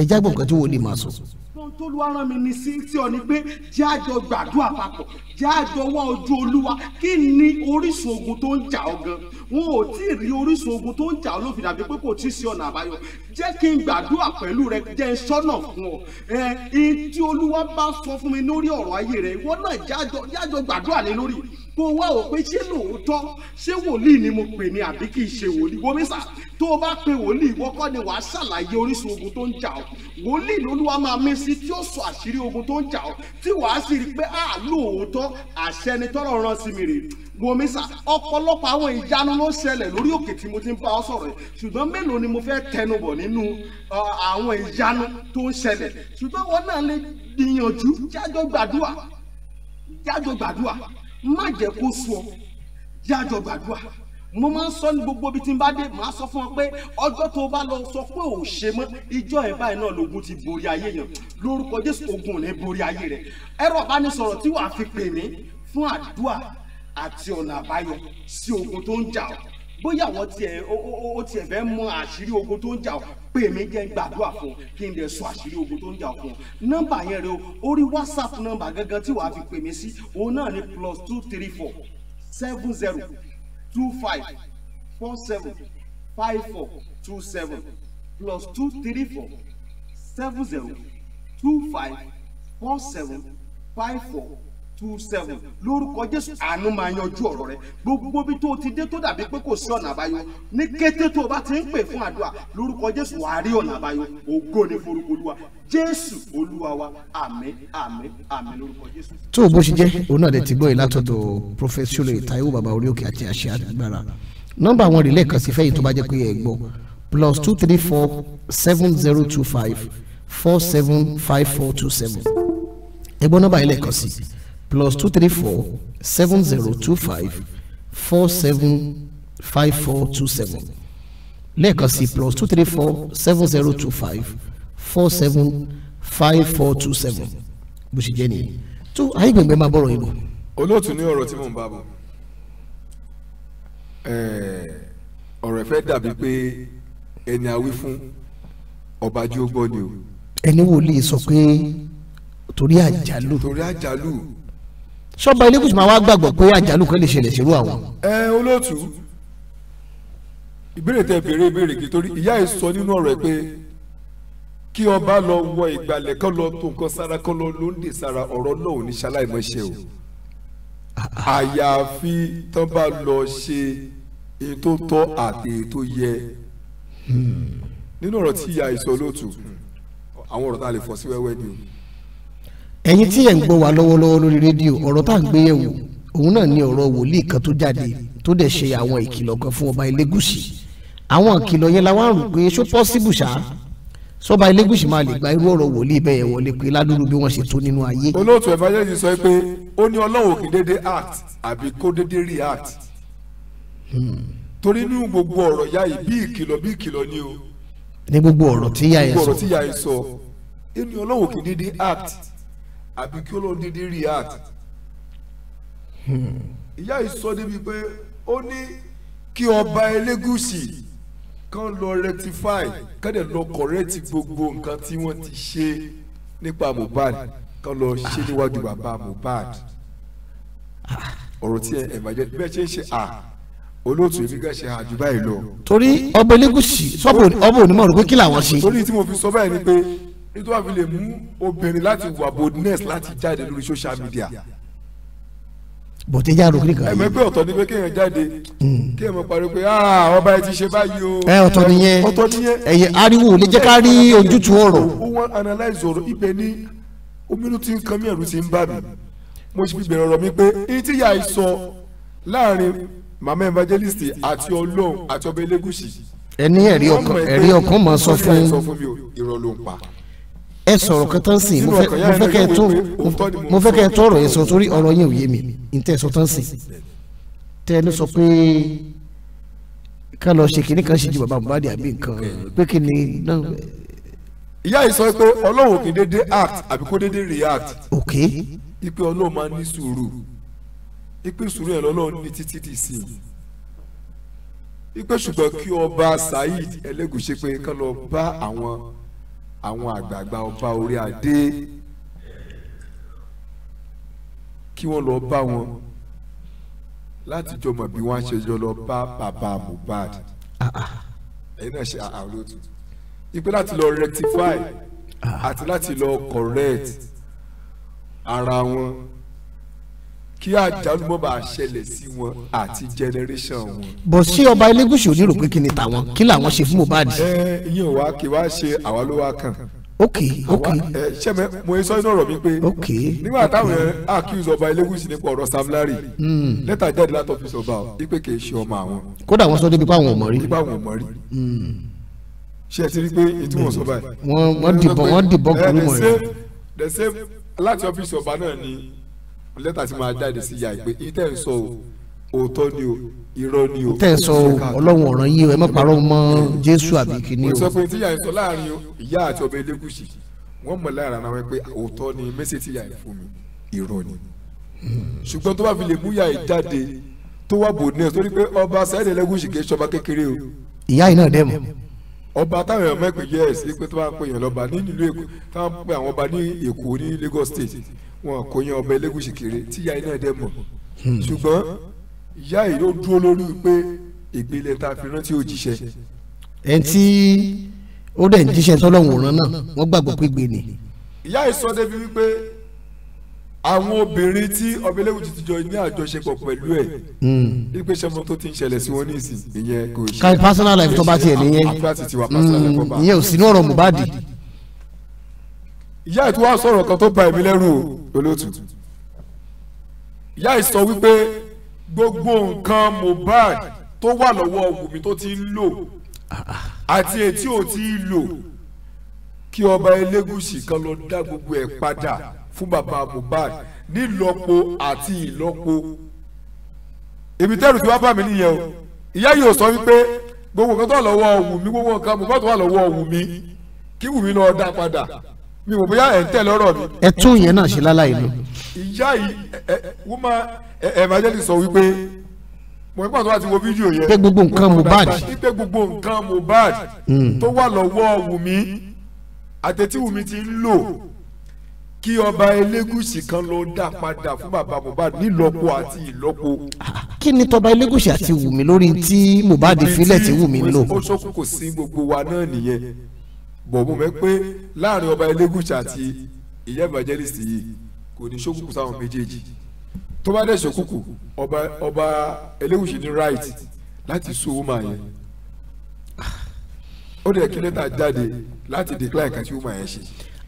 ẹ jágbọ́n nǹkan tí wòlíì máa sọ. So ohun tó lu aràn mi ní cynthia ni pé jẹ́ àjọ gbàdúrà papọ̀ jẹ́ àjọ wá ojú olúwa kí ni orísun ogun tó ń jà ọ́ gan wọn ò tí ì rí orísun ogun tó ń jà ọ́ ló fi dàbí pé kò tí ì sí ọ̀nà àbáyọ jẹ́ kí n gbàdúrà pẹ̀lú rẹ jẹ́ n sọ́nà fún ọ ẹ ẹ tí olúwa bá sọ fún mi lórí ọ̀rọ̀ ayé rẹ ìwọ náà jájọ jájọ gbàdúrà lé lórí kó wá wò pé ṣé lóòótọ́ ṣé wòlíì ni mo pè ní àbí kì í ṣe wòlíì wọ́n mísà tó o bá pe wòlíì ìwọ kọ́ ni wàá ṣàlàyé orísun ogun tó ń jà ọ́ wòlíì lolúwa máa mí sí tí ó sọ àṣírí ogun tó ń jà ọ́ tí wàá sì rí i pé a lóòótọ́ àṣẹ ni tọ́lọ̀ rán sí mi rè wò mí ọ̀pọ̀lọpọ̀ àwọn ìyanu ló ṣẹlẹ̀ lórí òkè tí mo ti ń bá ọ sọ̀rọ̀ ṣùgbọ́n mélòó ni mo fẹ́ tẹnubọ̀ nínú àwọn ìyanu tó ń ṣẹlẹ̀ ṣùgbọ́n wọn náà lè gbìyànjú jájọ́ gbàdúrà jájọ́ gbàdúrà má jẹ́ kó sú ọ yájọ gbàdúrà mo máa ń sọ ní gbogbo ibi tí n bá dé màá sọ fún ọ pé ọjọ́ tó o bá lọ sọ pé ò ṣe mọ́ ìjọ ẹ̀ báyìí náà lògùn ti borí ayé yẹn lórúkọ jésù ogun ò ní borí ayé rẹ ẹ̀rọ ìbánisọ̀rọ̀ tí wàá fi pè mí fún àdúrà àti ọ̀nà àbáyọ sí ogun tó ń jà ọ́ bóyá àwọn o o tiẹ̀ fẹ́ mọ àṣírí ogun tó ń jà pé mi jẹ́ gbàdúrà fún kí n lè sọ àṣírí ogun tó ń jà fún nọ́mbà yẹn rẹ o orí whatsapp nọ́mbà gangan tí wàá fi pè mí sí òun náà ni plus two three four seven zero two five four seven five four two seven plus two three four seven zero two five four seven five four two seven lórúkọ jésù àánú máa yanjú ọ̀rọ̀ rẹ gbogbo bí tó ti dé tó dàbí pé kò sí ọ̀nà àbáyọ ní kété tó o bá ti ń pè fún àdúrà lórúkọ jésù wàá rí ọ̀nà àbáyọ ògo ni forúkọ olúwa jésù olúwa wa àmín àmín àmín lórúkọ jésù. tó o bó ṣe jẹ́ òun náà lè ti gbọ́ ìlàtọ̀tọ̀ prọfẹ́sọ̀lù ìtayọ̀ bàbá orí òkè àti àṣẹ àgbára nọ́mbà àwọn rìlẹ̀ kan sí fẹ́yìn tó bá jẹ́ pé ẹ gbọ́ plus two three four seven zero two five four seven five four two seven ẹ gbọ́ nọ́mbà yìí lẹ́ẹ̀kan sí i plus two three four seven zero two five four seven five four two seven lẹ́ẹ̀kan sí plus two three four seven zero two five four seven five four two seven bó ṣe jẹ́ nìyẹn tó ayégbègbè máa bọ̀rọ̀ yìí lọ. olóòtú ní ọ̀rọ̀ tí mò ń bá bọ̀ ọ̀rọ̀ ẹ̀fẹ́ dàbí pé ẹni àwí fún ọba jí ó gbọ́ ni o. ẹni wò lè sọ pé torí àjálù. torí àjálù sọba elégùsù máa wá gbàgbọ́ pé àjálù kan lè ṣẹlẹ̀ sírú àwọn. ẹ olóòtú ìbéèrè tẹ béèrè ìbéèrè kì í torí ìyá yìí sọ nínú ọ̀rọ̀ ẹ pé kí ọba lọ wọ ìgbàlẹ̀ kán lọ tó nǹkan sára kán lọ ló ń dè sára ọ̀rọ̀ náà ò ní ṣaláìmọṣẹ o àyàfi tán bá lọ ṣe èyí tó tọ́ àti èyí tó yẹ hmm. nínú ọ̀rọ̀ tí ìyá yìí sọ lóòtú àwọn ọ̀rọ̀ tá a lè fọ́ sí wẹ́wẹ́ ni o ẹ̀yin tí ẹ̀ ń gbọ́ wa lọ́wọ́lọ́wọ́ lórí rédíò ọ̀rọ̀ tá à ń gbé yẹ̀wò òun náà ni ọ̀rọ̀ wòlíì kan tó jáde tó dẹ̀ ṣe àwọn ìkìlọ̀ kan fún ọba elégùsì àwọn ìkìlọ̀ yẹn la wá ń rò pé ṣó pọ́síbù ṣá sọba elégùsì máa lè gba irú ọ̀rọ̀ wòlíì bẹ́ẹ̀ yẹn wọlé pé ládùúgbò bí wọ́n ṣe tó nínú ayé. olóòtú ẹ̀fájẹ́jì sọ pé ó ní ọlọ́run kì í dédé act àbí kó dédé react hmm. torí inú gbogbo ọ̀rọ̀ ya yìí bí ìkìlọ̀ bí ìkìlọ̀ ni o. ní gbogbo ọ̀rọ̀ tí ya yẹn sọ. gbogbo ọ̀rọ̀ tí ọlọ́run kì í dédé act àbí kí olóhùn dídí react ìyá yìí sọ débi pé ó ní kí ọba Elégùṣì kan lọ rectify kẹ́dẹ̀ lọ correct gbogbo nǹkan tí wọ́n ti ṣe nípa Mohbad kan lọ ṣe níwájú bàbá Mohbad ọ̀rọ̀ tí ẹ ẹ̀ bàjẹ́ bẹ́ẹ̀ ṣe ń ṣe à olóòtú èmi gẹ́ ṣe àjù báyìí lọ. torí ọba Elégùṣì sọ́bù ọba onímọ̀ rẹ̀ pé kí làwọn ṣe. torí tí mo fi sọ báyìí ni pé nítorí wàá fi lè mú obìnrin láti wà boldness láti jáde lórí social media. bọ̀dé já kan. ẹ̀mẹ́ pé ọ̀tọ̀ ni pé kéèyàn jáde kéèyàn mọ̀ parí pé ah, ọba ẹ ti ṣe báyìí o. ẹ ọ̀tọ̀ nìyẹn ọ̀tọ̀ nìyẹn. ẹ̀yẹ ariwo lè jẹ́ ká rí ojútùú ọ̀rọ̀. ó wọ́n analyze ọ̀rọ̀ ibẹ̀ ní omínú tí ń kan mí ẹ̀rù ti ń bà mí mo sì fi bẹ̀rẹ̀ ọ̀rọ̀ mi pé èyí tí yà á sọ láàrin mama evangelist àti ọlọ́run àti ọba elégùsì. ẹni ẹ̀rí ọkàn mọ̀ sọ fún mi ẹ sọ̀rọ̀ kan tán sìn mo fẹ́ kẹ́ ẹ tó mo fẹ́ kẹ́ ẹ tọrọ ẹ sọ torí ọ̀rọ̀ yẹn ò yé mi n tẹ́ ẹ sọ tán sìn tẹ́ ẹ ló sọ pé ká lọ ṣe kínní kan ṣe ju bàbá Mohbad àbí nǹkan pé kí ni náà. ìyá yìí sọ pé ọlọ́run kì í dédé act àbí kó dédé react. ok. ipe ọlọ́run máa ní sùúrù ipe sùúrù yẹn lọ́lọ́run ní títí dì sí i ipe ṣùgbọ́n kí ọba Saheed Elégùṣì pé ká lọ bá àwọn àwọn àgbààgbà ọba orí adé kí wọ́n lọ bá wọn láti jọ bí wọ́n á ṣe jọ lọ bá bàbá Mohbad ah, ah. ẹ̀yin náà ṣe àlòtù ipe láti lọ rectify àti láti lọ correct ara wọn kí àjálù mọ́ bá ṣẹlẹ̀ sí wọn àti generation wọn. bọ̀ sí ọba elégùsì onírò pé kí ni tàwọn kí làwọn ṣe fún Mohbad. ẹ ìyẹn wa kì wá ṣe àwa ló wá kàn. ok ok. ẹ ṣé mo sọ inú ọ̀rọ̀ mi pé. ok nígbà táwọn accuse ọba elégùsì nípa ọ̀rọ̀ Sam Larry. Hmm. lẹ́tà jáde láti ọ́fíìsì ọba o wípé kì í ṣe ọmọ àwọn. kódà wọ́n sọ débi pé àwọn ò mọ̀ rí. nípa àwọn ò mọ̀ rí hmm. ṣe ẹ ti rí pé etí sọ the same láti ọ́fíìsì ọba náà lẹ́tà tí máa jáde sí ìyá ìpè ìtẹ̀ ń sọ òótọ́ ni o irọ́ ni o. tẹ̀ sọ ọlọ́run ọ̀ràn yìí ẹ má parọ́ mọ́ jésù àbí kìíní o. mo sọ pé tíyà ń sọ láàrin ìyá àti ọbẹ̀ elégùsì wọ́n mọ̀ lára ara wọn pé òótọ́ ni mẹ́sẹ̀ tíyà ń fún mi irọ́ ni. ṣùgbọ́n tó bá fi lè múyà ìjáde tó wà bò ní ẹ̀ torí pé ọba sáyẹ̀dẹ̀ elégùsì kì í ṣọba kékeré o. ìyá yìí náà dẹ̀ mọ̀ ọba táwọn èèyàn mẹ́pẹ̀ yẹ́ ẹ̀ sí pé tó bá ń pè yàn lọ́ba ní ìlú èkó táwọn pè àwọn ọba ní èkó ní Lagos State wọn kò yan ọba Elégùṣì kiri tí ìyá iná dẹ mọ̀ hmm. ṣùgbọ́n ìyá yìí ló dúró lórí pé ìgbélé ta fi rántí òjíṣẹ́. ẹ ti ó dẹ̀ ń jíṣẹ́ tọ́lọ́hún òran náà wọ́n gbàgbọ́ pé gbé ni. ìyá yìí sọ débi wípé àwọn obìnrin tí ọba Elégùṣì ti jọ ní àjọṣepọ̀ pẹ̀lú ẹ̀ hmm. wípé sẹ́mo tó ti ń ṣẹlẹ̀ sí wọn ní ìsìn ìyẹn kò ṣe. káyọ̀ personal life tó bá tiẹ̀ nìyẹn hmm. ìyẹn ò sínú ọ̀rọ̀ Mohbad ìyá ẹ̀ tí wàá sọ̀rọ̀ kan tó bà èmi lẹ́rù o olóòtú ìyá ẹ̀ sọ wípé gbogbo nǹkan Mohbad tó wà lọ́wọ́ Wùmí tó ti ń lò àti ètí ò ti ń lò kí ọba Elégùṣì kan lọ dá gbogbo ẹ̀ padà fún bàbá Mohbad nílọ́po àti ìlọ́po èmi tẹ́rù tí wàá bà mí nìyẹn o ìyá yìí ò sọ wípé gbogbo nǹkan tó wà lọ́wọ́ Wùmí gbogbo nǹkan Mohbad tó wà lọ́wọ́ Wùmí kí Wùmí lọ dá padà mi ò bóyá ẹ̀ ń tẹ̀ lọ́rọ̀ mi. ẹ tún yẹn náà ṣe láláì lò. ìyá yìí ẹ wọ́n máa ẹ ẹ máa jẹ́lì sọ wípé mo ní pàtó láti wo fídíò yẹn. pé gbogbo nǹkan Mohbad. pé gbogbo nǹkan Mohbad. Hmm. tó wà lọ́wọ́ Wùmí àtẹ̀tí Wùmí ti ń lò kí ọba Elégùṣì kan lọ dá padà fún bàbá Mohbad nílọ́po àti ìlọ́po. kí ni tọba Elégùṣì àti Wùmí lórí tí Mohbad filẹ̀ tí Wùmí ń lò. ó ṣókùnkùn sí gbogbo wa náà nìyẹn bọ̀ mo mẹ́ pé láàrin ọba Elégùṣì àti ìyá evangelist yìí kò ní ṣókùnkùn sáwọn méjèèjì tó bá dẹ̀ ṣókùnkùn ọba ọba Elégùṣì ní right láti sún woman yẹn ó dẹ̀ kí lẹ́tà jáde láti declare kàtí woman yẹn ṣe.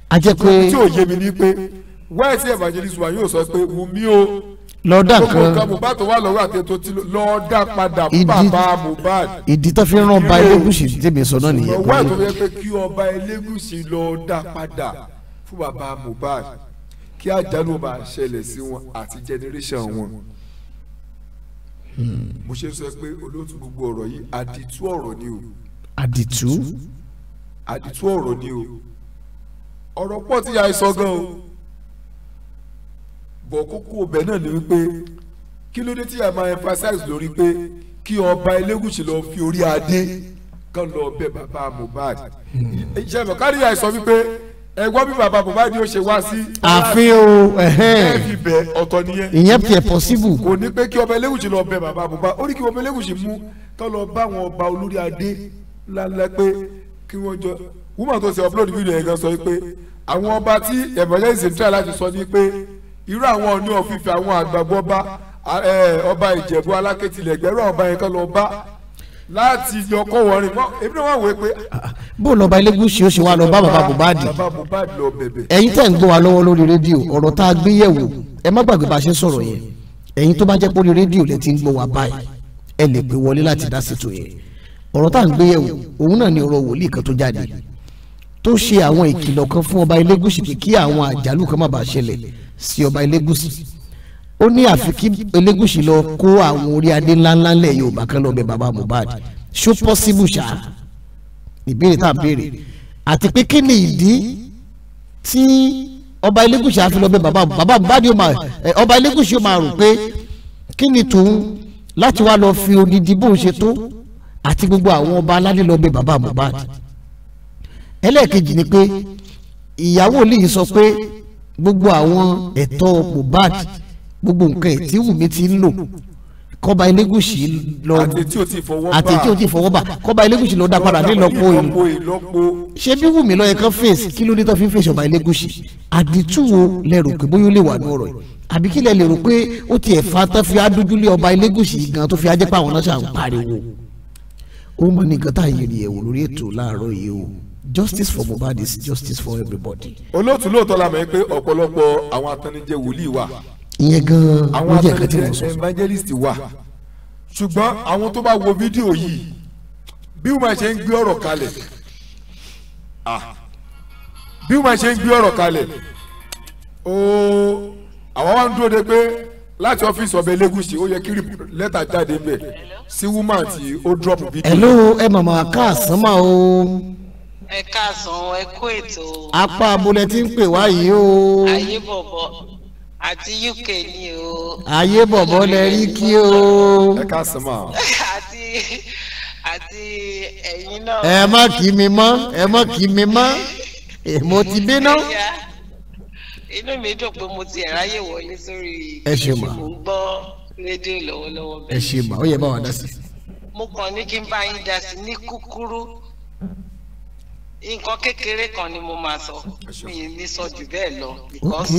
a jẹ́ pé tí ò yé mi ní pé wáyé tí evangelist wa yóò sọ pé Wùmí o lọ́ọ̀dà kan gbogbo nǹkan Mohbad tó wà lọ́wọ́ àti ètò tí lọ́ọ̀dà padà fún bàbá Mohbad. ìdí tó fi ń ran ọba Elégùṣì tèmi sọ náà nìyẹn. ọwọ́ àti ọ̀yẹ́ pé kí ọba Elégùṣì lọ́ọ̀dà padà fún bàbá Mohbad kí àjálù bá ṣẹlẹ̀ sí wọn àti generation wọn. Hmm. mo ṣe sọ pé olóòtú gbogbo ọ̀rọ̀ yìí àdìtú ọ̀rọ̀ ni o. àdìtú. àdìtú ọ̀rọ̀ ni o ọ̀rọ̀ pọ̀ tí a sọ gan o bọ̀ kókó ọbẹ̀ náà ni wípé kí ló dé tí a máa emphasize lórí pé kí ọba Elégùṣì lọ fi orí adé kán lọ bẹ bàbá Mohbad iṣẹ́ hmm. mi kárí àìsàn wípé ẹgbọ́n bí bàbá Mohbad yóò ṣe wá sí. àfin o ẹ fi bẹ ọ̀tọ̀ nìyẹn. ìyẹn tiẹ̀ possible. kò ní pé kí ọba Elégùṣì lọ bẹ bàbá Mohbad ó ní kí ọba Elégùṣì mú kán lọ bá àwọn ọba olórí adé lálẹ́ pé kí wọ́n jọ woman tó ṣe upload video yẹn gan sọ pé àwọn ọba tí emergency try láti sọ ni pé irú àwọn ọ̀nà ọ̀fìfẹ́ àwọn àgbàgbọ́ bá ọba ìjẹ̀bú alákẹ́tìlẹ̀gbẹ́rún ọba yẹn kọ́ lọ bá láti yọkọ wọrin mọ èmi náà wà wé pé. bó lọ bá Elégùṣì ó ṣe wá lọ bá bàbá Mohbad ẹ̀yin tẹ́ ń gbọ́ wa lọ́wọ́ lórí rédíò ọ̀rọ̀ tá a gbé yẹ̀wò ẹ má gbàgbé bá a ṣe sọ̀rọ̀ yẹn ẹ̀yin tó bá jẹ́ pé orí rédíò lẹ ti ń gbọ́ wa báyìí ẹ lè pè wọlé láti dá sètò yẹn ọ̀rọ̀ tá a ń gbé yẹ̀wò òun náà ni ọ̀rọ̀ wòlíì kan tó jáde tó ṣe àwọn ìkìlọ̀ kan fún ọba Elégùṣì pé sí ọba elégùsì ó ní àfi kí elégùsì lọ kó àwọn orí adé ńláńlá lẹ̀ yorùbá kan lọ bẹ baba mohbad ṣó pọ́síbù ṣá ìbéèrè tá a béèrè àti pé kí ni ìdí tí ọba elégùsì àfi lọ bẹ baba baba mohbad yóò máa ọba elégùsì yóò máa rò pé kí ni tòun láti wá lọ fi odidi bóun ṣe tó àti gbogbo àwọn ọba aládé lọ bẹ baba mohbad ẹlẹ́ẹ̀kejì ni pé ìyàwó lè sọ pé gbogbo àwọn ẹ̀tọ́ Mohbad gbogbo nǹkan ẹ̀ tí Wùmí ti ń lò kọba Elégùṣì lọ àti tí o ti fọwọ́ bà kọba Elégùṣì lọ dá padà nílọ́pọ̀ ìlọ́pọ̀ ṣé bí Wùmí lọ́yẹ kan fèsì kí ló dé tó fi ń fèsì ọba Elégùṣì àdìtú wo lẹ́rù pé bóyá ó lè wà ní ọ̀rọ̀ yìí àbí kílẹ̀ lè rò pé ó ti ẹ̀fà tán fi adójúlé ọba Elégùṣì gan tó fi ajẹ́pẹ́ àwọn náà ṣàn ó mọ ní tá à ń yẹ̀rì lórí ètò láàárọ̀ yìí o justice for Mohbad is justice for everybody. olóòtú lóòótọ́ la mọ̀ pé ọ̀pọ̀lọpọ̀ àwọn atannijẹ́ wòlíì wà. ìyẹn gan-an ló jẹ́ nǹkan tí mo sọ. àwọn atannijẹ́ evangelist wà ṣùgbọ́n àwọn tó bá wo fídíò yìí bí wọ́n ṣe ń gbé ọ̀rọ̀ kalẹ̀ bí wọ́n ṣe ń gbé ọ̀rọ̀ kalẹ̀ ooo àwọn wa ń dúró de pé láti ọ́fíìsì ọba elégùsì ó yẹ kí lẹ́tà jáde ń bẹ̀ sí woman tí ó drop video. hello ẹ màmá káàsán máa o ẹ káàsán ẹ kó ètò. apá abúlé tí ń pè wá yìí o. ayé bọ̀bọ̀ àti UK ni o. ayé bọ̀bọ̀ lẹ rí kí o. ẹ káàsán mà. àti àti ẹ̀yin náà. ẹ má kí mi mọ́ ẹ má kí mi mọ́ mo ti bínú inú mi dùn pé mo ti ẹ̀ráyè wọlé sórí ìṣègùn gbọ́ rédíò lọ́wọ́lọ́wọ́ bẹ́ẹ̀. ẹ ṣe mà ó yẹ bá dá sí. mo kàn ní kí n bá yín dá sí ní kúkúrú nǹkan kékeré kan ni mo máa sọ mi ní sọ jù bẹ́ẹ̀ lọ because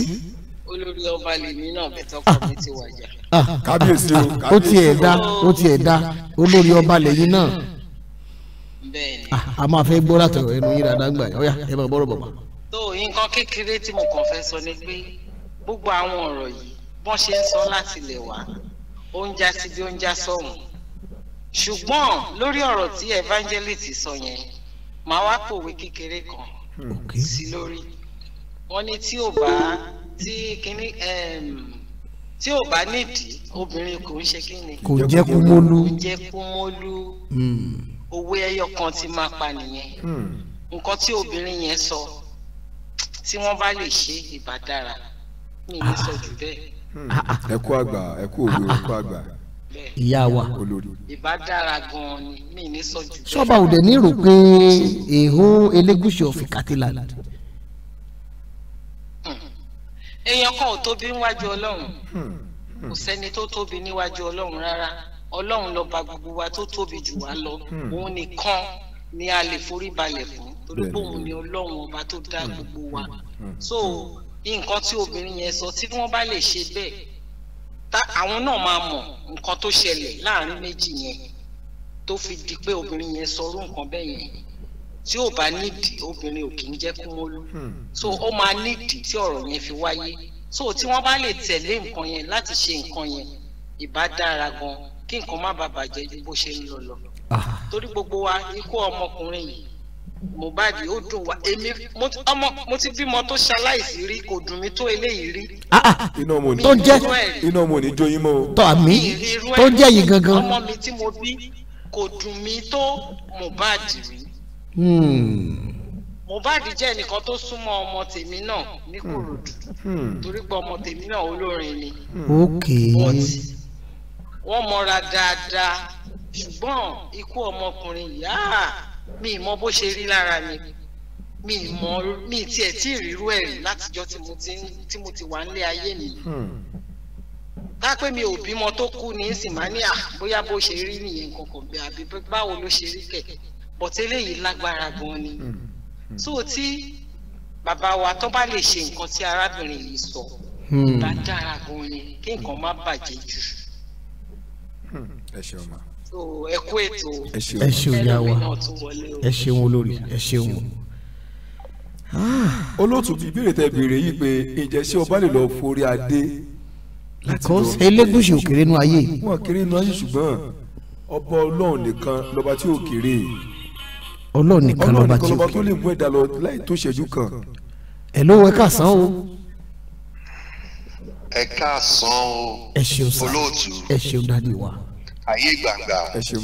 olórí ọba lèmi náà bẹ̀tọ̀ kọ́ mi ti wàjà. Ah. kábíyèsí o ah. kábíyèsí o ó tiẹ̀ dá ó tiẹ̀ dá olórí ọba lẹ́yìn náà. bẹ́ẹ̀ni. Ah, a máa fẹ́ gbọ́ látọ̀ ẹnu yín dáadáa gbà ọ̀yà ẹ máa bọ́rọ̀ bọ̀. tó nǹkan kékeré tí mo kàn fẹ́ sọ ni pé gbogbo àwọn ọ̀rọ̀ yìí bọ́n ṣe ń sọ láti lè wá oúnjẹ àti bí oúnjẹ sọ̀hún ṣùgbọ́n lórí ọ̀rọ̀ tí evangelist sọ yẹn màá wá pòwe kékeré kan sí lórí wọn ní tí ò bá tí kínní tí ò bá nídìí obìnrin kò ń ṣe kínní. kò jẹ́ kú mólú. kò jẹ́ kú mólú. Hmm. owó ẹyọ kan ti máa pa nìyẹn. Hmm. nǹkan tí obìnrin yẹn sọ tí wọ́n bá lè ṣe ìbádára mi ní ah. sọ jù bẹ́ẹ̀. Hmm. ẹ kú àgbà ẹ kú òwe ẹ kú àgbà ìyá wa. ìbá dára gan-an ni mi ní sọ́jú. sọ́ba ò dẹ̀ ní rò pé èho elégùsì of Ikatiland. Hmm. èèyàn kan ò tóbi níwájú ọlọ́run hmm. Hmm. kò sẹ́ni tó tóbi níwájú ọlọ́run rárá ọlọ́run lọ́ba gbogbo wa tó tóbi jù wá lọ òun nìkan ni a lè forí balẹ̀ fún torí bóun ni ọlọ́run ọba tó dá gbogbo wa so nǹkan tí obìnrin yẹn sọ tí wọ́n bá lè ṣe bẹ́ẹ̀ tá àwọn náà máa mọ̀ nǹkan tó ṣẹlẹ̀ láàrin méjì yẹn tó fi di pé obìnrin yẹn sọrú nǹkan bẹ́ẹ̀ yẹn tí ò bá nídìí obìnrin ò kì í jẹ́ kúmọ́lú hmm. so ó máa nídìí tí ọ̀rọ̀ yẹn fi wáyé so tí wọ́n bá lè tẹ̀lé nǹkan yẹn láti ṣe nǹkan yẹn ìbá dára gan kí nǹkan má bàa bàjẹ́ ju bó ṣe ń lọ lọ ah. torí gbogbo wa ikú ọmọkùnrin yìí Mohbad ó dùn wá èmi ọmọ mo ti bímọ tó ṣaláìsí rí kò dùn mí tó eléyìí rí. Ah, ah. iná ọmọ ní tó ń jẹ́ iná ọmọ ní joyin mọ́ o. tọ́ àmì tó ń jẹ́ yìí gangan. ọmọ mi tí mo bí kò dùn mí tó Mohbad rí. Hmm. Mohbad jẹ́ ẹnìkan tó súnmọ́ ọmọ tèmi náà ní hmm. Kòròdú hmm. torí pé ọmọ tèmi náà olórin ni. wọ́n mọra dáadáa ṣùgbọ́n ikú ọmọkùnrin yáà mi mọ bó ṣe rí lára mi mi mọ mi tiẹ̀ tí ìrírú ẹ̀ rí látijọ́ tí mo ti wà nílé ayé mi dápẹ́ hmm. mi ò bímọ tó kú ní sìmánìà ah, bóyá bó ṣe rí nìyẹn kankan bẹ́ẹ̀ àbí báwo ló ṣe rí kẹ̀ bọ̀tẹ́ eléyìí lágbára gan-an ni tó hmm. hmm. tí bàbá wa tó bá lè ṣe nǹkan tí arábìnrin yìí sọ bá dára gan ni kí nǹkan má bàjẹ́ jù. ẹ ṣeun ma ẹ kú ètò ẹ ṣeun yá wa ẹ ṣeun olórí ẹ ṣeun. Ah. olóòtú ìbéèrè tẹ béèrè yìí pé ǹjẹ́ ṣé ọba lè lọ forí adé. because Elégùṣì ò kéré inú ayé. wọn kéré inú ayé ṣùgbọ́n ọba ọlọ́run nìkan lọ́ba tí ò kéré. ọlọ́run nìkan lọ́ba tí ò kéré. ọlọ́run nìkan lọ́ba tó lè mú ẹ̀dá lọ láì tó ṣẹ́jú kan. ẹ ló wẹ ká san o ẹ káàsán o olóòtú ẹ ṣeun dádì wa. ayé gbàngbà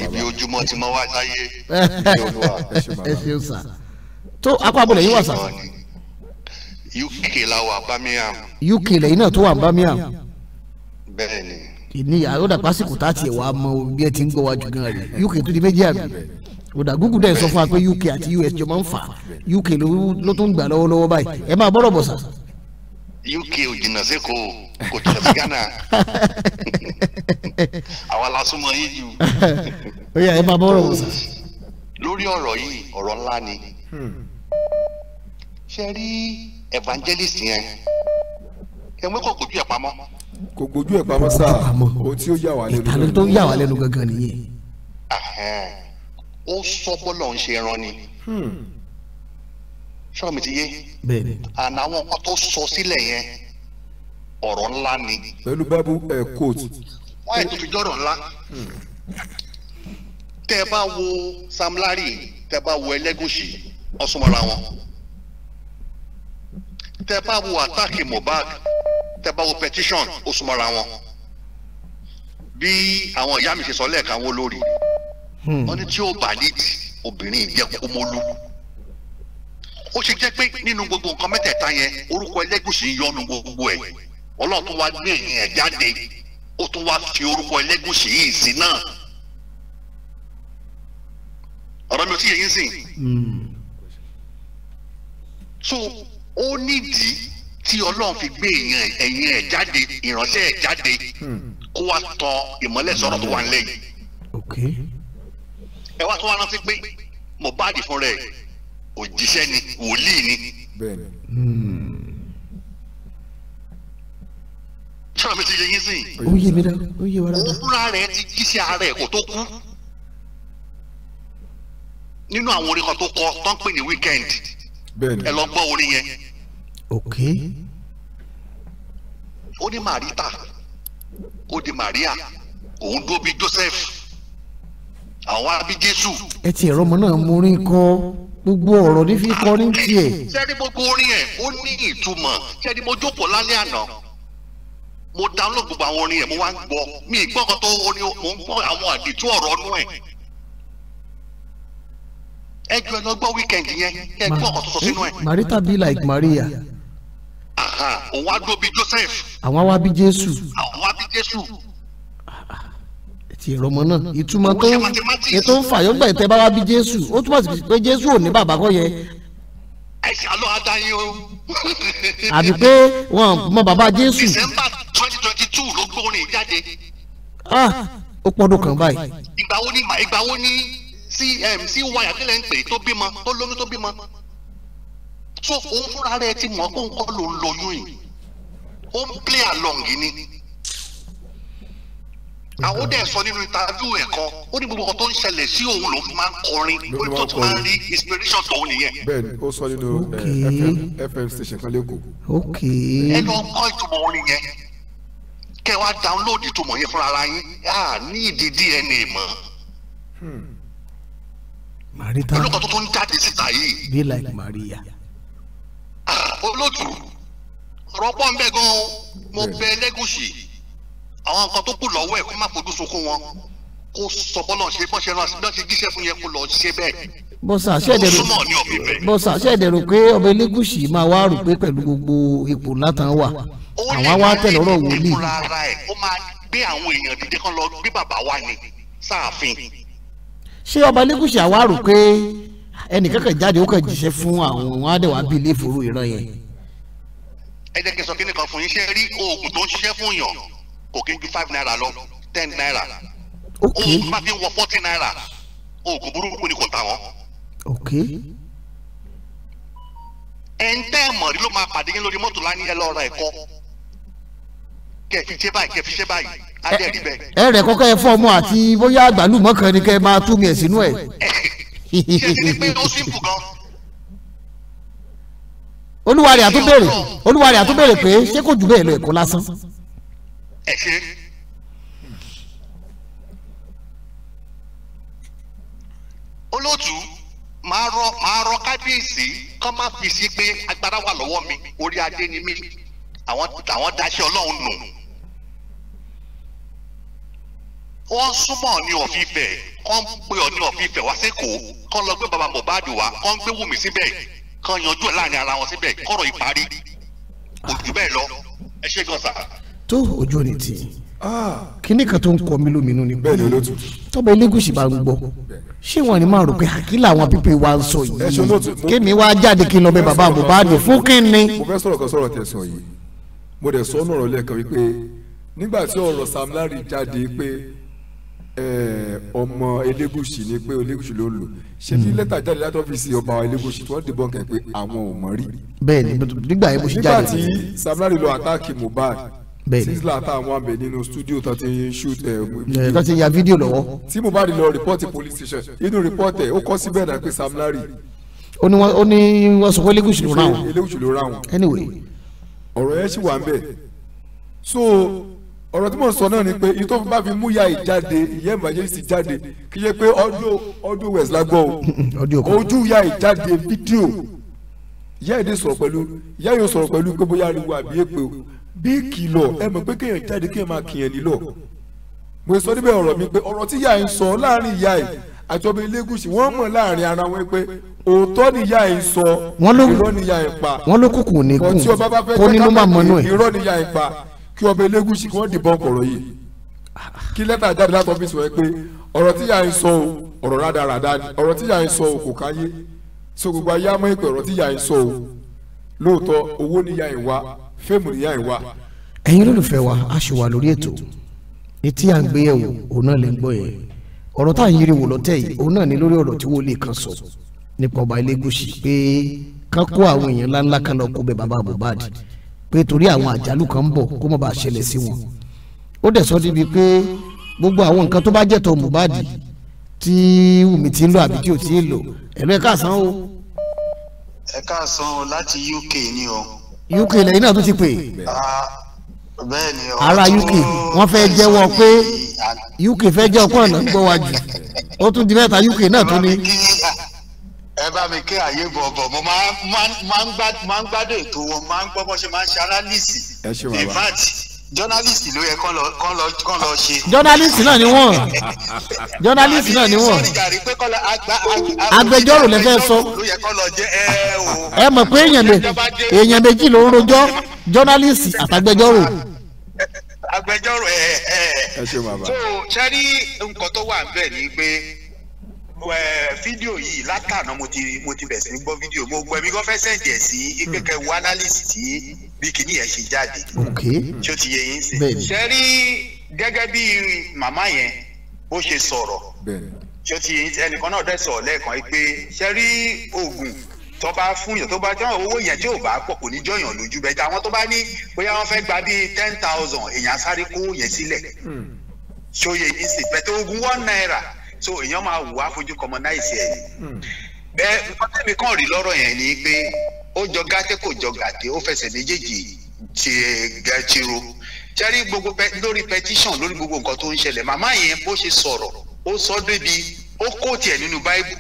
ibi ojúmọ́ ti mọ́ wá sáyé ní olúwa. ẹ ṣeun sà tó apá abúlé yín wà sà. UK la wà bamiam UK la náà tó wà Birmingham. bẹ́ẹ̀ni. ìníyà ó dà pásíkò tá a tiẹ̀ wá mọ bí ẹ ti ń gbọ́ wájú gan rẹ̀ UK tó di méjì àbí kódà Google dẹ̀ sọ fún wa pé UK àti US jọ máa ń fà UK ló tún gbà lọ́wọ́lọ́wọ́ báyìí ẹ máa bọ́rọ̀ bọ̀ sà. uk ò jìnnà sẹkọ kò jìnnà sí ghana àwa la súnmọ́ yín jù. ó yà ẹ máa bọ́ ọ̀rọ̀ wò sá. lórí ọ̀rọ̀ yìí ọ̀rọ̀ ńlá ni hmm. ṣe rí evangelist yẹn ẹ mú kò gbójú ẹ̀ pamọ́. kò gbójú ẹ̀ pamọ́ sáà ohun tí ó yà wá lẹ́nu gangan ìtàn tó yà wá lẹ́nu gangan nìyẹn. ó sọ bọ́lọ̀ ń ṣe rán ni. Hmm ṣọ́ọ̀ mi ti yé àná àwọn nǹkan tó sọ sílẹ̀ yẹn ọ̀rọ̀ ńlá ni. pẹ̀lú bábú ẹ̀ kóòtù. wọ́n yẹ tó fi jọ́rọ̀ ńlá. Hmm. tẹ́ ẹ bá wo Sam Larry tẹ́ ẹ bá wo Ẹlẹ́gùṣì ọ̀sùnmọ̀ra wọn. tẹ́ ẹ bá wo àtàkì Mohbad tẹ́ ẹ bá wo petition ọ̀sùnmọ̀ra wọn. bí àwọn ìyá mi ṣe sọ lẹ́ẹ̀kan wọn lórí. Hmm. wọ́n ní tí ó bá obìnrin ìjẹ́kùmọ́lú ó ṣe jẹ́ pé nínú gbogbo nǹkan mẹ́tẹ̀ẹ̀ta yẹn orúkọ Ẹlẹ́gùṣì ń yọnu gbogbo ẹ̀ Ọlọ́run tó wá gbé ẹ̀yìn ẹ̀ jáde ó tún wá fi orúkọ Ẹlẹ́gùṣì yìí sí náà ọ̀rọ̀ mi ò tí yẹ yín sìn. so ó nídìí tí Ọlọ́run fi gbé ẹ̀yìn ẹ̀ jáde ìránṣẹ́ ẹ̀ jáde kó wá tan ìmọ́lẹ̀ sọ̀rọ̀ tó wà ń lẹ́yìn. ẹ wá tó wá rántí pé Mohbad fúnra ẹ̀ òjíṣẹ́ ni wòlíì ni. sọ́nà hmm. mi ti yẹ yín sìn. ó yé mi náà ó yé wa náà. òun fúnra rẹ̀ ti kí sí ara ẹ̀ kó tó kú nínú àwọn orin kan tó kọ tó ń pè ní weekend ẹ lọ gbọ́ orin yẹn. ok. ó ní Marita ó di Maria òun dúró bíi Joseph àwọn abí Jésù. ẹ ti ẹ̀rọ ọmọ náà mú orin kọ gbogbo ọ̀rọ̀ ní fi kọrin tiẹ̀. sẹ́ni gbogbo orin ẹ̀ ó ní ìtumọ̀ sẹ́ni mo jókòó lálẹ́ àná mo download gbogbo àwọn orin ẹ̀ mo wá ń gbọ́ mi ì gbọ́kàn tó orin mo ń gbọ́ àwọn àdìtú ọ̀rọ̀ ọ̀nú ẹ̀. ẹ jọ ẹ gbọ́ weekend yẹn ẹ gbọ́ ọ̀kan tó sínú ẹ̀. Eh, marita be like maria. òun á dó bí joseph. àwọn á wá bí jésù. àwọn á bí jésù ti ẹ̀rọ ọmọ náà ìtumọ̀ tó ń tó ń fà yọ gbà ìtẹ́ bá wá bí jésù ó túmọ̀ sí pé jésù ò ní bàbá kọ́ yẹ. ẹ ṣàlọ́ adáyé o. àbí pé wọn mọ bàbá jésù. december twenty twenty two ló gbórin jáde. ah ó pọ́dún kan báyìí. ìgbà wo ni ìgbà wo ni cm cy akílẹ̀ ń pè tó bímọ tó lóyún tó bímọ so òun fúnra rẹ̀ ti mọ̀ kó ń kọ́ ló ń lóyún yìí ó ń play along yìí ni àwọn ó dẹ̀ sọ nínú interview ẹ̀ kan ó ní gbogbo ọkọ tó ń ṣẹlẹ̀ sí òun ló fi máa ń kọrin ó ní tó ti máa ń rí inspiration tòun nìyẹn. bẹ́ẹ̀ni ó sọ nínú eh, fm station kan lẹkọọ. ẹ lọ kọ ìtumọ̀ orin yẹn kẹ wá download ìtumọ̀ yẹn fúnra ara yín a ní ìdí dna mọ́. marita hmm. olùkọ́ tó tó ń jáde síta yìí. be like maria. Ah, olótú ọ̀rọ̀ pọ̀ ń bẹ gan-an mo bẹ lẹ́gùsì àwọn nǹkan tó kù lọ́wọ́ ẹ̀ kó má fojú sunkún wọn kó sọ bọ́lọ̀ ṣe bọ́ṣẹ́ náà ṣe bọ́ṣẹ́ gíṣẹ́ fún yẹn kó lọ ṣe bẹ́ẹ̀. bọ́sà ṣẹ̀dẹ̀rù bọ́sà ṣẹ̀dẹ̀rù pé ọba elégùsì máa wá rò pé pẹ̀lú gbogbo ipò látàn wà àwọn wá tẹ̀lé ọ̀rọ̀ wòlíì. ó máa gbé àwọn èèyàn dìde kan lọ gbé bàbá wa ni sáàfin. ṣé ọba elégùsì àwa rò pé ẹnìkan kan jáde ó kàn jíṣẹ́ fún àwọn adẹ̀wà bíi ilé ìfòrò ìran yẹn. ẹ jẹ́ kí n sọ kí nìkan fún yín ṣe rí oògùn tó ń ṣiṣẹ́ fún yàn kò kí n ju five naira lọ ten naira oògùn bá fi ń wọ forty naira oògùn burúkú ni kò tà wọ́n. ẹ̀ńtẹ́ mọ̀rí ló máa pàdé yín lórí mọ́tò lánìí ẹ lọ ra ẹ̀kọ́ kẹfì ṣe báyìí kẹfì ṣe báyìí adé rí bẹ́ẹ̀. ẹ rẹ̀ kọ́kọ́ ẹ fún ọmọ àti bóyá àgbàlùmọ̀ kan ni kẹ́ ẹ máa túmí ẹ̀ sínú ẹ̀. ṣé ti pé ó simple gan olúwarẹ̀ àtúbẹ̀rẹ̀ olúwarẹ̀ àtúbẹ̀rẹ̀ pé ṣé kò jù bẹ́ẹ̀ lọ ẹ̀kọ́ lásán ẹ ṣe. olóòtú màá rọ màá rọ kábíyèsí kọ́ máa fi sí pé agbára wà lọ́wọ́ mi orí adé ni mí àwọn àwọn daṣẹ́ ọlọ́run nù. wọ́n súnmọ́ ní ọ̀fífẹ́ kọ́ ń pè ọ́ ní ọ̀fífẹ́ wá sékòó kọ́ lọ gbé baba Mohbad wá kọ́ ń gbé Wùmí síbẹ̀ kọ́ yanjú ẹ̀ láàrin ara wọn síbẹ̀ kọ́rọ̀ ìparí kò jù bẹ́ẹ̀ lọ ẹ ṣé gan sáà tó ojú òní tì ah. kíní kan tó ń kọ mí lóminú ni tọ́ba elégùsì bá ń gbọ́ ṣé wọn ni máa rò pé àkílà àwọn pípé wa ń sọ yìí kémi wá jáde kí n lọ bẹ bàbá Mohbad fún kínní. mo fẹ́ sọ̀rọ̀ kan sọ̀rọ̀ tẹ̀sán yìí mo dẹ̀ sọ ọ́nà ọ̀rọ̀ lẹ́ẹ̀kan wípé nígbà tí ọ̀rọ̀ Sam Larry jáde pé ọmọ elégùsì ni pé elégùsì ló ń lò ṣé ní hmm. lẹ́tà jáde láti ọ́fíìsì ọba elégùsì tí wọ́n dìbò kẹ́ pé àwọn ò mọ̀ rí. bẹ́ẹ̀ nígbà yẹn mo ṣe jáde. nígbà tí Sam Larry lọ àtáàkì Mohbad sísílà tá àwọn àbẹ nínú studio tó ti ń shoot ẹ. Eh, tó ti ya fídíò lọ́wọ́. tí Mohbad lọ rìpọ́ọ̀tì police station inú rìpọ́ọ̀tì ẹ̀ ó kọ́ síbẹ̀ náà pé Sam Larry. ó ní wọ́n ó ní wọ́n sọ pé elégùsù ló ra wọn. elégùsù ló ra wọn. anyway. ọ̀rọ̀ yẹn sì wà ń bẹ̀. so ọ̀rọ̀ tí mò ń sọ náà ni pé ìtọ́ fún bá fi múyà ìjáde ìyẹn emergency jáde kì í ṣe pé audio audio west lágbọ́ o ojú ìyá ìjáde fídíò ìyá ìdí sọ̀rọ̀ pẹ̀lú ìyá yóò sọ̀rọ̀ pẹ̀lú pé bóyá ariwo àbí èpè o bí ìkìlọ̀ ẹ mọ̀ pé kéèyàn jáde kéèyàn máa kìyàn nílọ̀ mo sọ níbẹ̀ ọ̀rọ̀ mi pé ọ̀rọ̀ tí ìyá ẹ̀ ń sọ láàrin ìyá ẹ̀ àti ọba elégùsì wọ́n mọ̀ láàrin ara wọn pé òótọ́ ni ìyá ẹ̀ ń sọ irọ́ ni ìyá ẹ̀ pa wọ́n ló kùkù ní kùn kó nínú máa mọ́nú ẹ̀ irọ́ ni ìyá ẹ̀ pa kí ọba elégùsì kí wọ́n dìbọn kọ̀rọ̀ yìí kí lẹ́tà jáde láti ọ́fíìsì wọ́n pé ọ̀rọ̀ tí ìyá ẹ̀ ń sọ o ọ̀rọ̀ rádaràda ni ọ̀rọ̀ fíìmù ìyá ìwà. ẹ̀yin olólùfẹ́ wa a ṣì wà lórí ètò etí à ń gbé yẹ̀wò òun náà lè ń gbọ́ yẹn ọ̀rọ̀ tá à ń yiri wò lọ́tẹ̀ yìí òun náà ni lórí ọ̀rọ̀ tí wọ́n lè kan sọ nípa ọba Elégùṣì pé ká kó àwọn èèyàn ńláńlá kan lọ kó bẹ bàbá Mohbad pé torí àwọn àjálù kan ń bọ̀ kó má bàa ṣẹlẹ̀ sí wọn ó dẹ̀ sọ débi pé gbogbo àwọn nǹkan tó bá jẹ̀tọ́ Mohbad tí Wùmí ti ń lò àbí tí ò ti ń lò ẹ̀rọ ẹ̀ka àsán o. ẹ̀ka àsán o láti UK ni o. UK lẹ́yìn náà tún ti pè ara UK wọ́n fẹ́ jẹ́wọ́ pé UK fẹ́ jẹ́ ọ̀pọ̀ ọ̀nà gbọ́ wájú ó tún di mẹ́ta UK náà tún ní ẹ bá mi kí àyè bọ̀bọ̀ mo máa ń gbádùn ètò wọn máa ń gbọ́ bó ṣe máa ń ṣe analysis in fact jọ́nálìsì ló yẹ kán lọ kán lọ kán lọ ṣe. jọ́nálìsì náà ni wọ́n jọ́nálìsì náà ni wọ́n agbẹjọ́rò lè fẹ́ sọ ẹ mọ̀ pé èèyàn méjì ló ń rojọ́ jọ́nálìsì àtàgbẹjọ́rò agbẹjọ́rò ẹ ẹ ẹ so sẹ́rí nǹkan tó wà bẹ́ẹ̀ ni pé fídíò yìí látàná mo ti mo ti bẹ̀ sí gbọ́ fídíò mo gbọ́ ẹ̀mí gan fẹ́ sẹ̀ǹdì ẹ̀ sí ìpẹ́kẹ̀ analyst tí bí kìíní yẹn ṣe jáde tí ó ti yẹ yín sí. ṣe rí gẹ́gẹ́ bí màmá yẹn bó ṣe sọ̀rọ̀ tí ó ti yẹ yín sí ẹnìkan náà dẹ̀ sọ̀rọ̀ lẹ́ẹ̀kan pé ṣe rí oògùn tó bá fún yàn tó bá jọ owó yẹn tí ò bá pọ̀ kò ní jọyàn lójú bẹ́ẹ̀ táwọn tó bá ní bóyá wọ́n fẹ́ gba bíi ten thousand èèyàn sáré kó yẹn sílẹ̀ hmm. ṣó yẹ yín sí pẹ̀tẹ́ oògùn one naira so èèyàn máa wù á fojú kọmọ náà ìsẹ̀ yìí hmm. bẹ́ẹ̀ nǹkan tẹ̀mí kan rí lọ́rọ̀ yẹn ni pé ó jọ gàtẹ́ kò jọ gàtẹ́ ó fẹsẹ̀ méjèèjì tiẹ̀ gàtìrò tẹ́rí gbogbo lórí petition lórí gbogbo nǹkan tó ń ṣẹlẹ̀ màmá yẹn bó ṣe sọ̀rọ̀ ó sọ débi ó kó tiẹ̀ nínú báíbù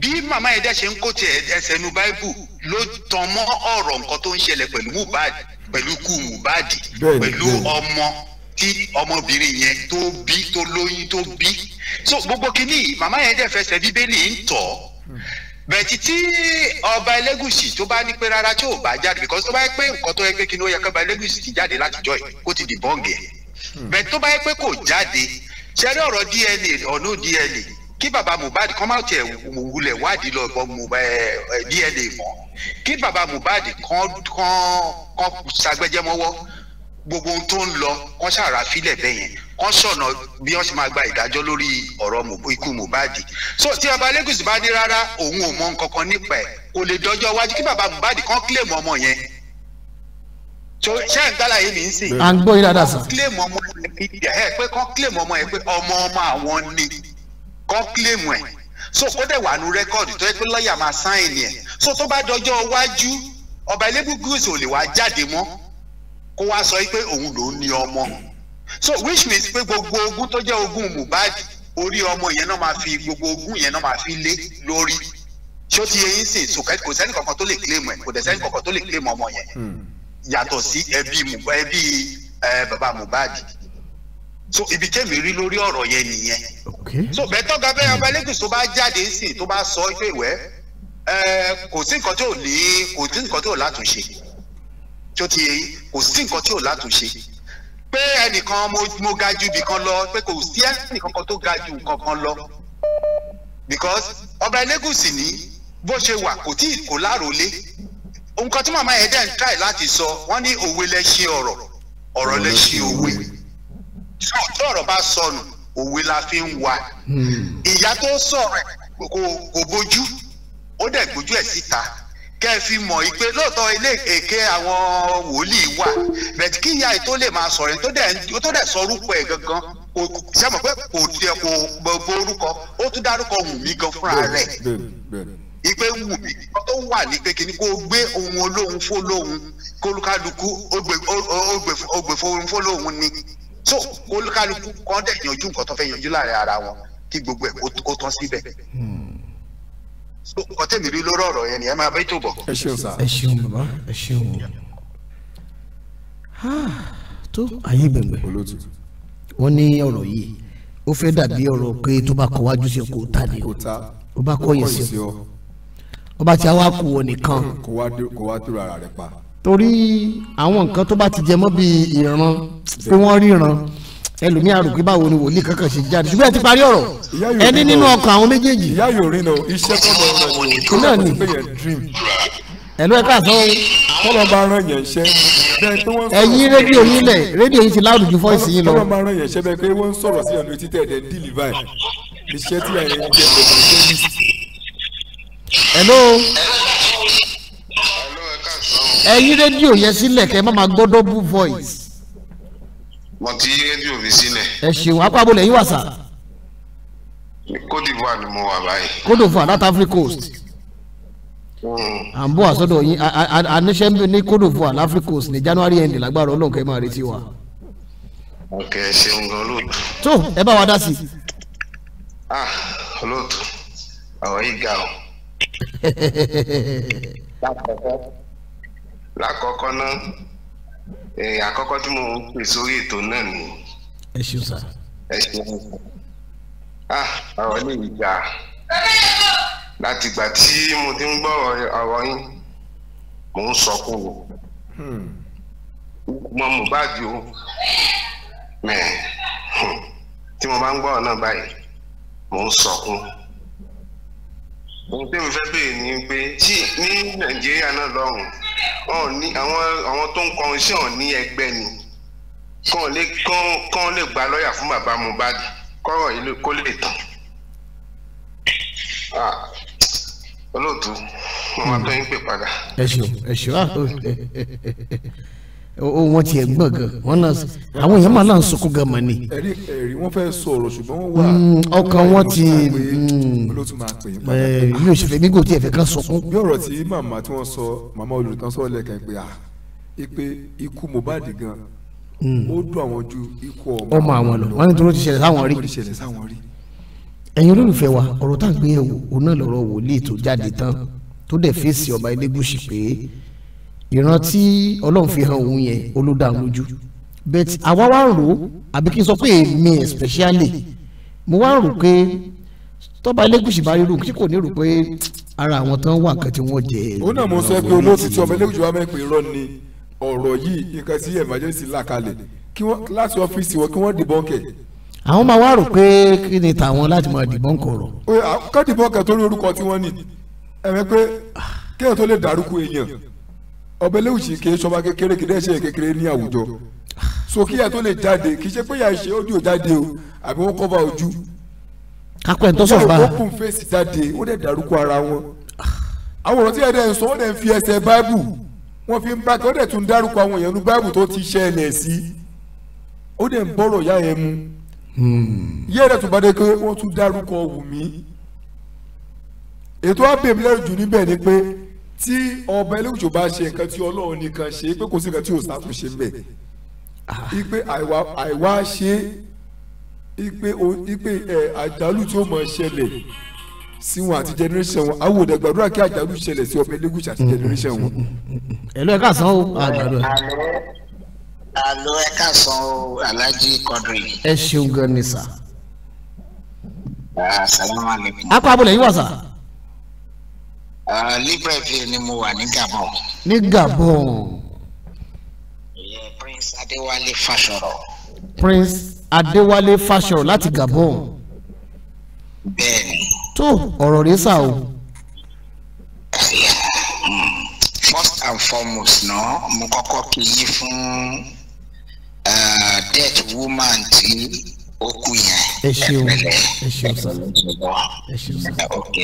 bí màmá yẹn dẹ̀ ṣe ń kó tiẹ̀ ẹsẹ̀ nínú báíbù ló tan mọ́ ọ̀rọ̀ nǹkan tó ń ṣẹlẹ̀ pẹ̀lú Mohbad pẹ̀lú ikú Mohbad pẹ̀lú ọmọ tí ọmọbìnrin yẹn tó bí tó lóyún tó bí so gbogbo kínní màmá yẹn dẹ̀ fẹsẹ̀ bíbélì ń tọ̀ bẹ̀ẹ̀tì tí ọba Ẹlẹ́gùṣì tó bá ní pé rárá tí ò bá jáde because tó bá yẹ pé nǹkan tó yẹ pé kí ni ó yẹ kí ọba Ẹlẹ́gùṣì ti jáde látijọ́ yìí kó ti di bọ́ǹgì ẹ̀ hmm. bẹ̀ẹ̀tì tó bá yẹ pé kò jáde ṣẹ́rí ọ̀rọ̀ DNA ọ̀nà DNA kí baba Mohbad kọ́ máa tiẹ̀ wulẹ̀ wádìí lọ bọ́ DNA mọ́ kí baba Mohbad kan kan kan ṣàgbẹ́jẹ́ mọ́wọ́ gbogbo ohun tó ń lọ kọ́ ṣàràfilẹ̀ bẹ́yẹn wọ́n sọ̀nà bí wọ́n ṣe máa gba ìdájọ́ lórí ọ̀rọ̀ ikú Mohbad so tí ọba lẹ́gùsì bá ní rárá òun ò mọ nǹkankan nípa ẹ̀ kò lè dọjọ́ iwájú kí bàbá Mohbad kan claim ọmọ yẹn so ṣé ẹ̀ ń gbálà yìí mi ń sìn. à ń gbọ́ yín dáadáa sàn. claim ọmọ yẹn ẹ pé kan claim ọmọ yẹn pé ọmọ ọmọ àwọn ni kan claim ẹ̀ so kó dẹ̀ wà nú rẹ́kọ̀dì tó yẹ pé lọ́ọ̀yà máa sáìn yẹn so tó bá dọjọ́ iwájú ọba elégùsì ò lè wá jáde mọ́ kó wá sọ pé òun lòún ní ọmọ so which means pé gbogbo ogún tó jẹ́ Ogun Mohbad orí ọmọ yẹn náà máa fi gbogbo ogún yẹn náà máa fi lé lórí ṣé ó ti yẹ yín sìn sùkẹ́ kò sẹ́ni kankan tó lè claim ẹ̀ kò dẹ̀ sẹ́ni kankan tó lè claim ọmọ yẹn hmm. yàtọ̀ sí ẹbí ẹbí bàbá Mohbad so ibi tẹ́mi rí lórí ọ̀rọ̀ yẹn nìyẹn so bẹ́tọ̀ gàbẹ́ Ọbalẹ́kùn tó bá jáde sìn tó bá sọ ife ìwẹ́ kò sí nǹkan tó ní kò sí nǹkan tó látúnṣe ṣé ó ti yẹ yín kò sí nǹkan tó látúnṣe pé ẹnìkan mo ga ju ibìkan lọ pé kò sí ẹnìkankan tó ga ju nǹkan kan lọ because ọba elégùsì ní bó ṣe wà kò tí kò láròlé nǹkan tí màmá yẹn dẹ̀ ń try láti sọ wọ́n ní òwe lẹ ṣe ọ̀rọ̀ ọ̀rọ̀ lẹ ṣe òwe tí ọ̀rọ̀ bá sọnù òwe la fi ń wa hmm. ìyá tó sọ̀rọ̀ kò bójú ó dẹ̀ gbójú ẹ̀ síta kẹ́ ẹ fi mọ̀ pé lóòótọ́ ilé èké àwọn wòlíì wà bẹ̀tí kí ìyá yìí tó lè máa sọ̀rọ̀ tó dẹ̀ sọ orúkọ ẹ̀ gangan ṣe mọ̀ pé kò tiẹ̀ kò gbogbo orúkọ ó tún dárúkọ Wùmí gan fúnra rẹ̀ ipe Wùmí tó wà ní pé kí ni kó gbé ohun olóhun fólóhun kólúkálukú ó gbé fóhun fólóhun ni so kólúkálukú kan dẹ̀ yanjú nǹkan tó fẹ́ yanjú láàrin ara wọn kí gbogbo ẹ̀ ó tán síbẹ̀. Hmm nǹkan tẹ̀mí rí lórí ọ̀rọ̀ yẹn ni ẹ máa bẹ́ tó bọ̀. ẹ ṣeun sá ẹ ṣeun bàbá ẹ ṣeun tó ayé bẹ̀gbẹ̀ wọ́n ní ọ̀rọ̀ yìí ó fẹ́ dàbí ọ̀rọ̀ pé tó bá kọ wájú sí kò ta ni ó bá kọ yẹ̀ sí ọ ó bá ti wá kú ọ nìkan. kò wá dúró ara rẹ pa. torí àwọn nǹkan tó bá ti jẹ mọ́ bíi ìran pé wọ́n ríran ẹlòmí àròkí báwo ni wòlíì kankan ṣe jáde ṣùgbọ́n ẹ ti parí ọ̀rọ̀ ẹni nínú ọkàn àwọn méjèèjì. ìyá yóò rí náà iṣẹ́ tó lọ rẹ̀ ni kò náà ní ẹ̀lú ẹ̀ka sọ tọ́lọ̀ bá rán yẹn ṣẹ́ ẹ̀yin rédíò yín lẹ̀ rédíò yín ti láàrú ju fọ́ọ̀sì yín lọ. tọ́lọ̀ bá rán yẹn ṣẹ́ bẹ́ẹ̀ pé wọ́n ń sọ̀rọ̀ sí ẹ̀lú etí tẹ̀ẹ̀dẹ̀ díìlì báyìí iṣẹ́ tí ẹ̀yin jẹ́ ẹ̀lú ẹ̀yin rédíò yẹn sílẹ̀ kẹ́ ẹ má máa gbọ́dọ̀ bú voice mo ti yí rédíò mi sílẹ̀. ẹ ṣeun apá abúlé yín wà sá. Côte d'Ivoire ni mo wà báyìí. Côte d'Ivoire láti Africa Coast. Hmm. à ń bọ̀ àsọdọ̀ yín àníṣe ní Côte d'Ivoire láfrica Coast ní January end lágbára ọlọ́nkẹ́ máa retí wa. ok ṣeun gan lóòtú. tó ẹ bá wa dá sí i. ah olóòtú àwọn yìí ga o. lákọ̀ọ́kọ́ lákọ̀ọ́kọ́ náà àkọ́kọ́ tí mo ń pè sórí ètò náà ni. ẹ ṣeun sá. ẹ ṣeun sá. ah ọ̀rọ̀ lè gbà láti ìgbà tí mo ti ń gbọ́ ọ̀rọ̀ yín mò ń sọkún o. Hmm. mo Mohbad o mẹ́ẹ̀ hmm. tí mo bá ń gbọ́ ọ̀rọ̀ náà báyìí mò ń sọkún ohun tí mo fẹ́ béèrè ni pé tí ní nàìjíríà náà lọ́hùn àwọn àwọn tó ń kọ iṣẹ́ ọ̀ ní ẹgbẹ́ ni kàn lè kàn lè gba lọ́ọ̀yà fún bàbá Mohbad kọ́rọ̀ yìí kó lè tán olóòtú mo máa tọ́ pè padà. ẹ ṣeun ẹ ṣeun o wọn tiẹ̀ gbọ́n gan wọn náà àwọn èèyàn máa náà sunkún gan mọ́ ni. ẹ̀rí ẹ̀rí wọ́n fẹ́ sọ̀rọ̀ ṣùgbọ́n wọ́n wà. Mm, ọkàn wọn ti mm. mi ò sì fẹ́ mi kò tiẹ̀ fẹ́ kán sunkún. bí ọ̀rọ̀ tí màmá tí wọ́n sọ màmá olùtàn sọ lẹ́ẹ̀kan pé à ah, pé ikú Mohbad gan mm. ó dùn àwọn ju ikú ọmọ àwọn lọ wọn ní tó ti ṣẹlẹ̀ sáwọn rí. ẹ̀yin olólùfẹ́ wa ọ̀rọ̀ tá à ń gbé yẹ̀wò òun náà lọ̀rọ̀ wòlíì tó jáde tán tó dẹ̀ fèsì ọba Elégùṣì pé ìran tí ọlọ́run fi hàn òun yẹn olódà but àwa wá rò ó àbí kí n sọ pé èmi especially mo wá rò pé tọ́ba elégùsì bá rí rò tí kò ní rò pé ara àwọn tán wà nǹkan tí wọ́n jẹ. òun náà mo sọ pé olóòtú tí ọmọ elégùsì wa mẹ́pẹ́ irọ́ ni ọ̀rọ̀ yìí nǹkan tí emergency là kalẹ̀ kí wọ́n láti ọ́fíìsì wọn kí wọ́n dìbọ́nkẹ̀. àwọn máa wá rò pé kí ni tàwọn láti máa dìbọ́nkẹ̀ ọ̀rọ̀. ká dìbọ́nkẹ̀ torí orúkọ tí wọ́n ní ẹ̀mẹ́ pé kéèyàn tó lè dárúkọ èèyàn ọba Elewushi kì í ṣọba kékeré kì í dẹ́ṣẹ̀ kékeré ní àwùjọ so kí ìyá tó lè jáde kì í ṣe pé ìyá ìṣe ojú ò jáde o àbí wọ́n kọ́ bá ojú. kápẹ́ ń tọ́sọ̀ bá. ìyá òkú fèsì jáde ó dẹ̀ dárúkọ ara wọn. àwòrán tí ẹ̀dẹ̀ ń sọ ó dẹ̀ ń fi ẹsẹ̀ báìbù wọ́n fi ń bá kí ó dẹ̀ tún dárúkọ àwọn èèyàn nu báìbù tó ti ṣe ẹ̀nẹ̀ sí ó dẹ̀ ń bọ́rọ̀ ìyá yẹn mu. ìyá hmm. ẹ̀dẹ̀ tún bá dé pé wọ́n tún dárúkọ Wùmí ètò àbẹ̀mí lẹ́rù jù níbẹ̀ ni pé tí ọba eléwùjọ bá ṣe nǹkan tí ọlọ́run nìkan ṣe pé kò sí nǹkan tí ò ṣàtúnṣe mbẹ̀ ah. ipe àìwá ṣe ipe ipe ẹ àjálù tí ó mọ̀ ṣẹlẹ̀ sí wọn àti generation wọn àwọn òde gbàdúrà kí àjálù ṣẹlẹ̀ sí ọba eléwùjọ àti generation wọn. ẹ̀lú ẹ̀ka sàn ó àgbàdo. alo ẹ̀ka sàn ó Alhaji Quadri. ẹ ṣeun gan ni sà. asalaamualeykum. Ah, akọ abúlé yín wà sà. Libreville ni mo wà ní Gabon. ní Gabon. ìyẹn Prince Adéwálé Fáṣọrọ̀. Prince Adéwálé Fáṣọrọ̀ láti Gabon. bẹ́ẹ̀ni. tó ọ̀rọ̀ rẹ sá o. Hmm, first and foremost náà mo kọ́kọ́ kí yí fún dead woman tí ó kú yẹn. ẹ ṣeun ẹ ṣeun sọlá ẹ ṣeun sọlá. ok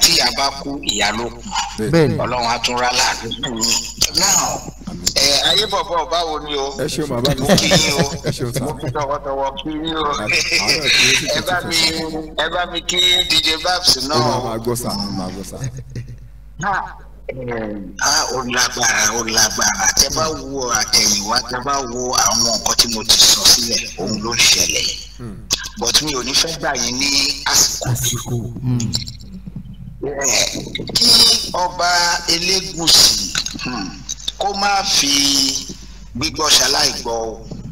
tí ìyá bá kú ìyá ló kù ọlọ́run á tún rálá náà ẹ ayé bọ̀bọ̀ báwo ni o ẹ kí ni o mo fi tọwọ́tọwọ́ kí ni o ẹ bá mi ẹ bá mi kí DJ Babs náà o. máa gbọ́ sà máa gbọ́ sà. a tẹ bá wo àtẹ̀yìnwá tẹ bá wo àwọn nǹkan tí mo ti sọ sílẹ̀ òun ló ṣẹlẹ̀ hmm. but mi ò ní fẹ́ gbà yín ní àsìkò. Hmm. kí ọba elégùsì hmm, kó má fi gbígbọ́ ṣaláì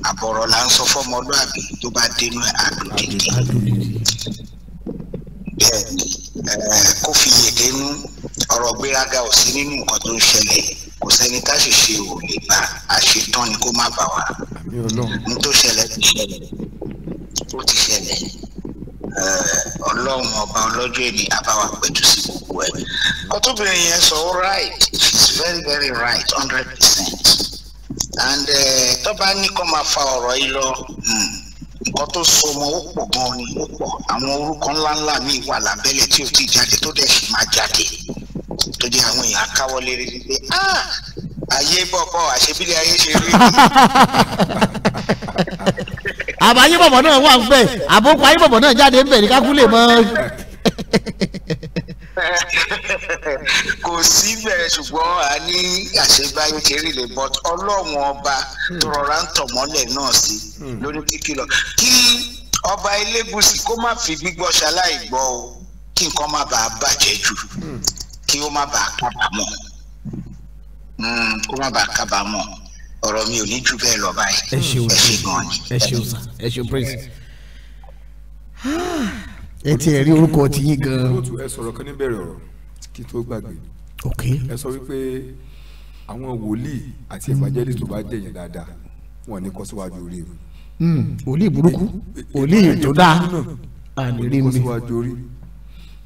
àbọ̀rọ̀ là ń sọ fọmọlúàbí tó bá dénú ẹ̀ eh, kó fi yèdénú ọ̀rọ̀ gbéraga ò sí nínú nǹkan tó ń ṣẹlẹ̀ kò sẹ́ni ò lè ti ṣẹlẹ̀ Eh, ọlọ́run ọba ọlọ́jọ́ èdè àbáwá pẹ̀tù sí gbogbo ẹ̀. ọtúbìnrin yẹn sọ right she's very very right hundred percent and eh, tọ́ba ní kó máa fa ọ̀rọ̀ yìí lọ hmm, nǹkan tó so ọmọ ó pọ̀ gan-an ni ó pọ̀ àwọn orúkọ ńláńlá mi wà lábẹ́lẹ̀ tí ò ti jáde tó dẹ̀ sì máa jáde tó jẹ́ àwọn èèyàn akáwọlé rí pé ah, ayé bọ̀ bọ̀ àṣebílẹ̀ ayé ṣe rí. àbáyé bọ̀bọ̀ náà wà ń bẹ̀ àbókù ayé bọ̀bọ̀ náà jáde ń bẹ̀ ní kákúlè mọ́. kò síbẹ̀ ṣùgbọ́n a ní àṣebáyé kéré lè bọ́ ọlọ́run ọba tó rọra ń tọ̀ mọ́lẹ̀ náà sí lórí kíkìlọ̀ kí ọba elébùsì kó má fi gbígbọ́ ṣaláì gbọ́ o kí nǹkan má bàa bàjẹ́ jù kí ó má bàa kábàámọ̀ hmm, kó má bàa kábàámọ̀ ọ̀rọ̀ mi ò ní jù bẹ́ẹ̀ lọ báyìí ẹ ṣeun ẹ ṣe gan ni ẹ ṣeun sa ẹ ṣeun praise. ẹ ti ẹ̀rí orúkọ ti yín gan. olóòtú ẹ sọ̀rọ̀ kan níbẹ̀rẹ̀ ọ̀rọ̀ kí tó gbàgbé. ok ẹ sọ wípé àwọn wòlíì àti evangelist tó bá jẹ̀yìn dáadáa wọn ní kọ́ síwájú orí mi. Hmm, wòlíì burúkú wòlíì tó dáa àníri mi.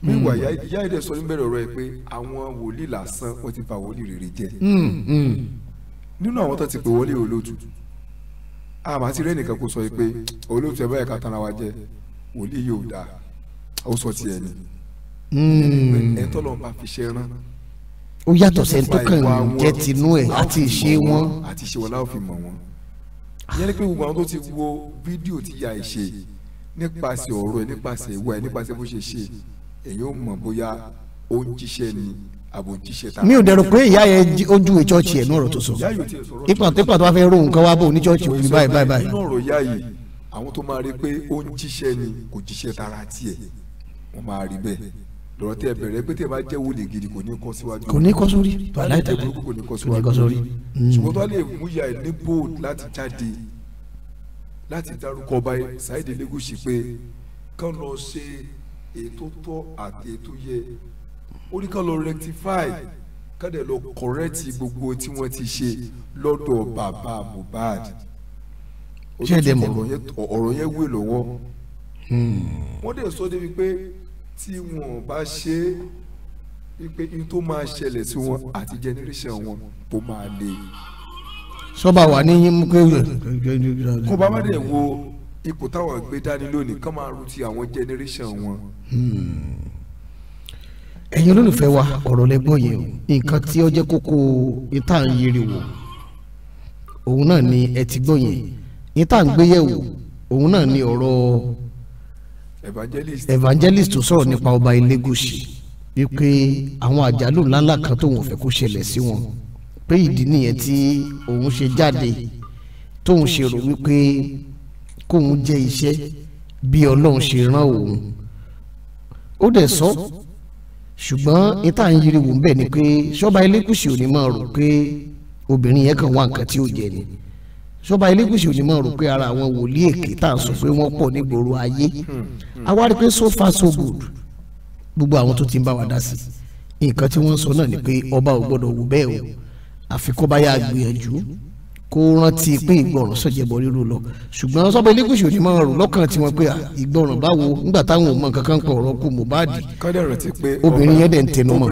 wíwà ìyá ìdẹ sọ níbẹ̀rẹ̀ ọ̀rọ̀ ẹ pé àwọn wòlíì lásán wọ́n ti fa wòlíì rere jẹ. Hmm, hmm nínú àwọn tó ti pè wọlé olóòtú àmà ti rẹ́nìkan kó sọ yìí pé olóòtú ẹ báyìí ká wa jẹ wòlíì yóò dáa ó sọ tiẹ̀ ni hmm. ẹ tọ́lọ̀ bá fi ṣe rán. ó yàtọ̀ sẹ́ni tó kàn jẹ́ tinú ẹ̀ àti ìṣe wọn. àti ìṣe wọn láwọn fi mọ̀ wọn. yẹn ni pé gbogbo àwọn tó ti wo fídíò tí ya ìṣe nípasẹ̀ ọ̀rọ̀ ẹ̀ nípasẹ̀ ìwà ẹ̀ nípasẹ̀ bó ṣe ṣe èyí ó mọ̀ bóyá ó ń jíṣẹ́ ni àbòjì ṣe ta. mi ò dẹ̀rù pé ìyá yẹn ojú ìwé chọ́ọ̀chì ẹ̀ ní ọ̀rọ̀ tó sọ ipa típa tó bá fẹ́ ro nǹkan wá bò ní chọ́ọ̀chì òní báyìí báyìí báyìí. nínú ọ̀rọ̀ ìyá yìí àwọn tó máa rí pé ó ń jíṣẹ́ ni kò jíṣẹ́ tara tiẹ̀ wọ́n máa rí bẹ́ẹ̀ lọ́rọ̀ tẹ́ bẹ̀rẹ̀ pé tẹ́ bá jẹ́ wòlé gidi kò ní kọ́ síwájú. kò ní kọ́ sórí tọ́lá ìtàlẹ́ kò mm. tó àti ètò yẹ ó ní kán lọ rectify kán dẹ̀ lọ correct gbogbo tí wọ́n ti ṣe lọ́dọ̀ bàbá Mohbad ṣé ẹ̀dẹ̀ mọ̀ ọ̀rọ̀ yẹn wé lọ́wọ́ hmm. wọ́n dẹ̀ sọ débi pé tí wọn bá ṣe é wípé in tó máa ṣẹlẹ̀ sí wọn àti generation wọn tó máa le. sọ́ba wà ní yín pé. kó bá má dẹ̀ wo ipò táwọn gbé dání lónìí kán máa ru ti àwọn generation wọn. Hmm ẹ̀yin olólùfẹ́ wa ọ̀rọ̀ lẹ́gbọ́n yẹn o nǹkan tí ó jẹ́ kókó ìta ń yiri wò òun náà ni ẹ ti gbọ́ yẹn ìta ń gbé yẹ̀wò òun náà ni ọ̀rọ̀ evangelist tó sọ̀rọ̀ nípa ọba Elégùṣì wípé àwọn àjálù ńláńlá kan tóun fẹ́ kó ṣẹlẹ̀ sí wọn pé ìdí nìyẹn tí òun ṣe jáde tóun ṣe rò wípé kóun jẹ́ iṣẹ́ bí Ọlọ́run ṣe rán òun ó dẹ̀ sọ ṣùgbọ́n ìta ń yiri wò ń bẹ̀ ni pé ṣọ́ba elékùsì ò ní máa rò pé obìnrin yẹn kàn wá nǹkan tí ó jẹ ni ṣọ́ba elékùsì ò ní máa rò pé ara àwọn wòlíì èké tá à sọ pé wọ́n pọ̀ nígboro ayé àwa pé so far so good gbogbo àwọn tó ti ń bá wa dá sí nǹkan tí wọ́n sọ náà ni pé ọba ò gbọ́dọ̀ wù bẹ́ẹ̀ o àfikọ́ bá yà gbìyànjú kó rántí pé ìgbọràn sọjẹbọ rírú lọ ṣùgbọ́n sọpẹ elégùsì òní máa rò lọ́kàn tiwọn pé ìgbọràn báwo nígbà táwọn ò mọ pọ Mohbad obìnrin yẹn ń tẹnu mọ́.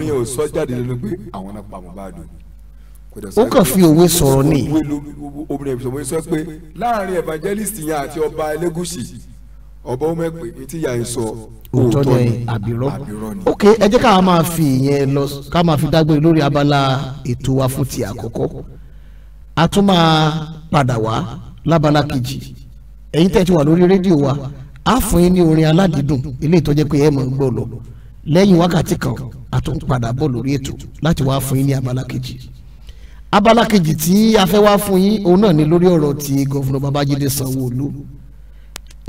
fi òwe sọrọ obìnrin yẹn àti ọba elégùsì ọba ok ẹ jẹ́ ká máa fi ìyẹn lọ ká máa fi dágbére lórí abala ètò wa fún ti a tún máa padà wá lábala kejì ẹ̀yin tẹ́ ti wà lórí rédíò wa a fún yín ní orin aládìídùn eléyìí tó jẹ́ pé ẹ máa gbọ́ lọ lẹ́yìn wákàtí kan a tún padà bọ̀ lórí ètò láti wá fún yín ní abala kejì abala kejì tí a fẹ́ wá fún yín òun náà ni lórí ọ̀rọ̀ ti gọ́fúnà babájídé sanwó-olú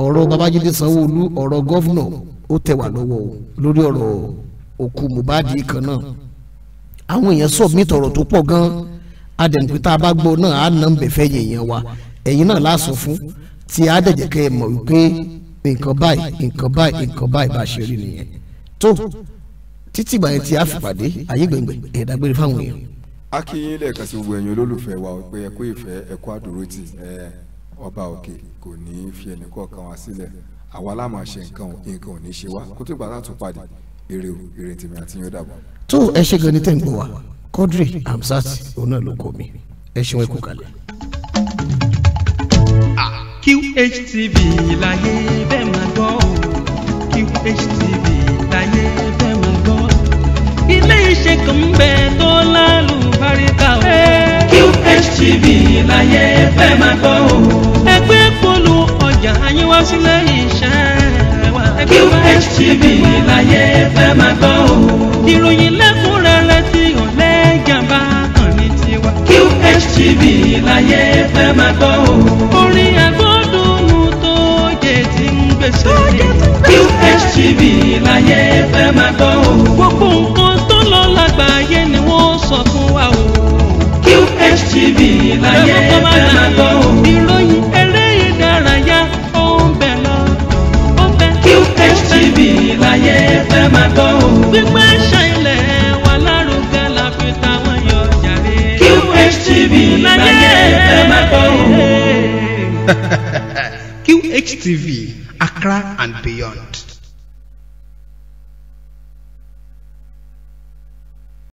ọ̀rọ̀ babájídé sanwó-olú ọ̀rọ̀ gọ́fúnà ó tẹ̀ wá lọ́wọ́ o lórí ọ̀rọ̀ òkú mohbad kan náà àwọn èèyàn submit ọ̀rọ̀ tó pọ̀ gan-an adẹnukúta abágbó náà á nà ń bẹ̀fẹ́ yẹ̀yẹ̀ wa ẹ̀yin náà láàsọ fún tí a dẹ̀jẹ̀ kẹ́ ẹ mọ̀ wípé nǹkan báyìí nǹkan báyìí nǹkan báyìí bá ṣe rí nìyẹn tó títí ìgbà yẹn tí a fi pàdé ayé gbẹ̀ngbẹ̀ ẹ̀ẹ́dàgbére fáwọn èèyàn. a kí yín lẹ́ẹ̀kan sí gbogbo ẹ̀yin olólùfẹ́ wa pé ẹ kú ìfẹ́ ẹ kú àdúrótì ọba òkè kò ní í fi ẹnì kọ̀ọ̀kan wa sílẹ̀ àwa la máa nǹkan nǹkan ò ní ṣe wá kó tó gbà láti pàdé èrè èrè tèmi àti yín ó dàbọ̀. tó ẹ ṣe gan ni tẹ́ ń gbọ́ wa Quadri Hamzat òun ló kọ ẹ ṣeun ẹ kú kalẹ̀. Ah, QHTV láyé bẹ́ẹ̀ máa gbọ́ QHTV láyé bẹ́ẹ̀ máa gbọ́ ilé iṣẹ́ kan ń bẹ tó lálùbáríkà o. QHTV láyé bẹ́ẹ̀ máa gbọ́ o. ẹgbẹ́ polu ọjà ayé wá iṣẹ́ wa. QHTV láyé bẹ́ẹ̀ máa gbọ́ ìròyìn lẹ́kùn oríṣiríṣi láyé fẹ́ máa gbọ́ o. orin agbódùnmù tó yẹ ti ń gbèsè. QHTV láyé fẹ́ máa gbọ́ o. gbogbo nǹkan tó lọ lágbàáyé ni wọ́n sọ fún wa o. QHTV láyé fẹ́ máa gbọ́ o. ìròyìn eré ìdárayá ó ń bẹ̀ lọ. QHTV láyé fẹ́ máa gbọ́ o. gbígbẹ́ ṣayọ. QH TV, Accra and beyond.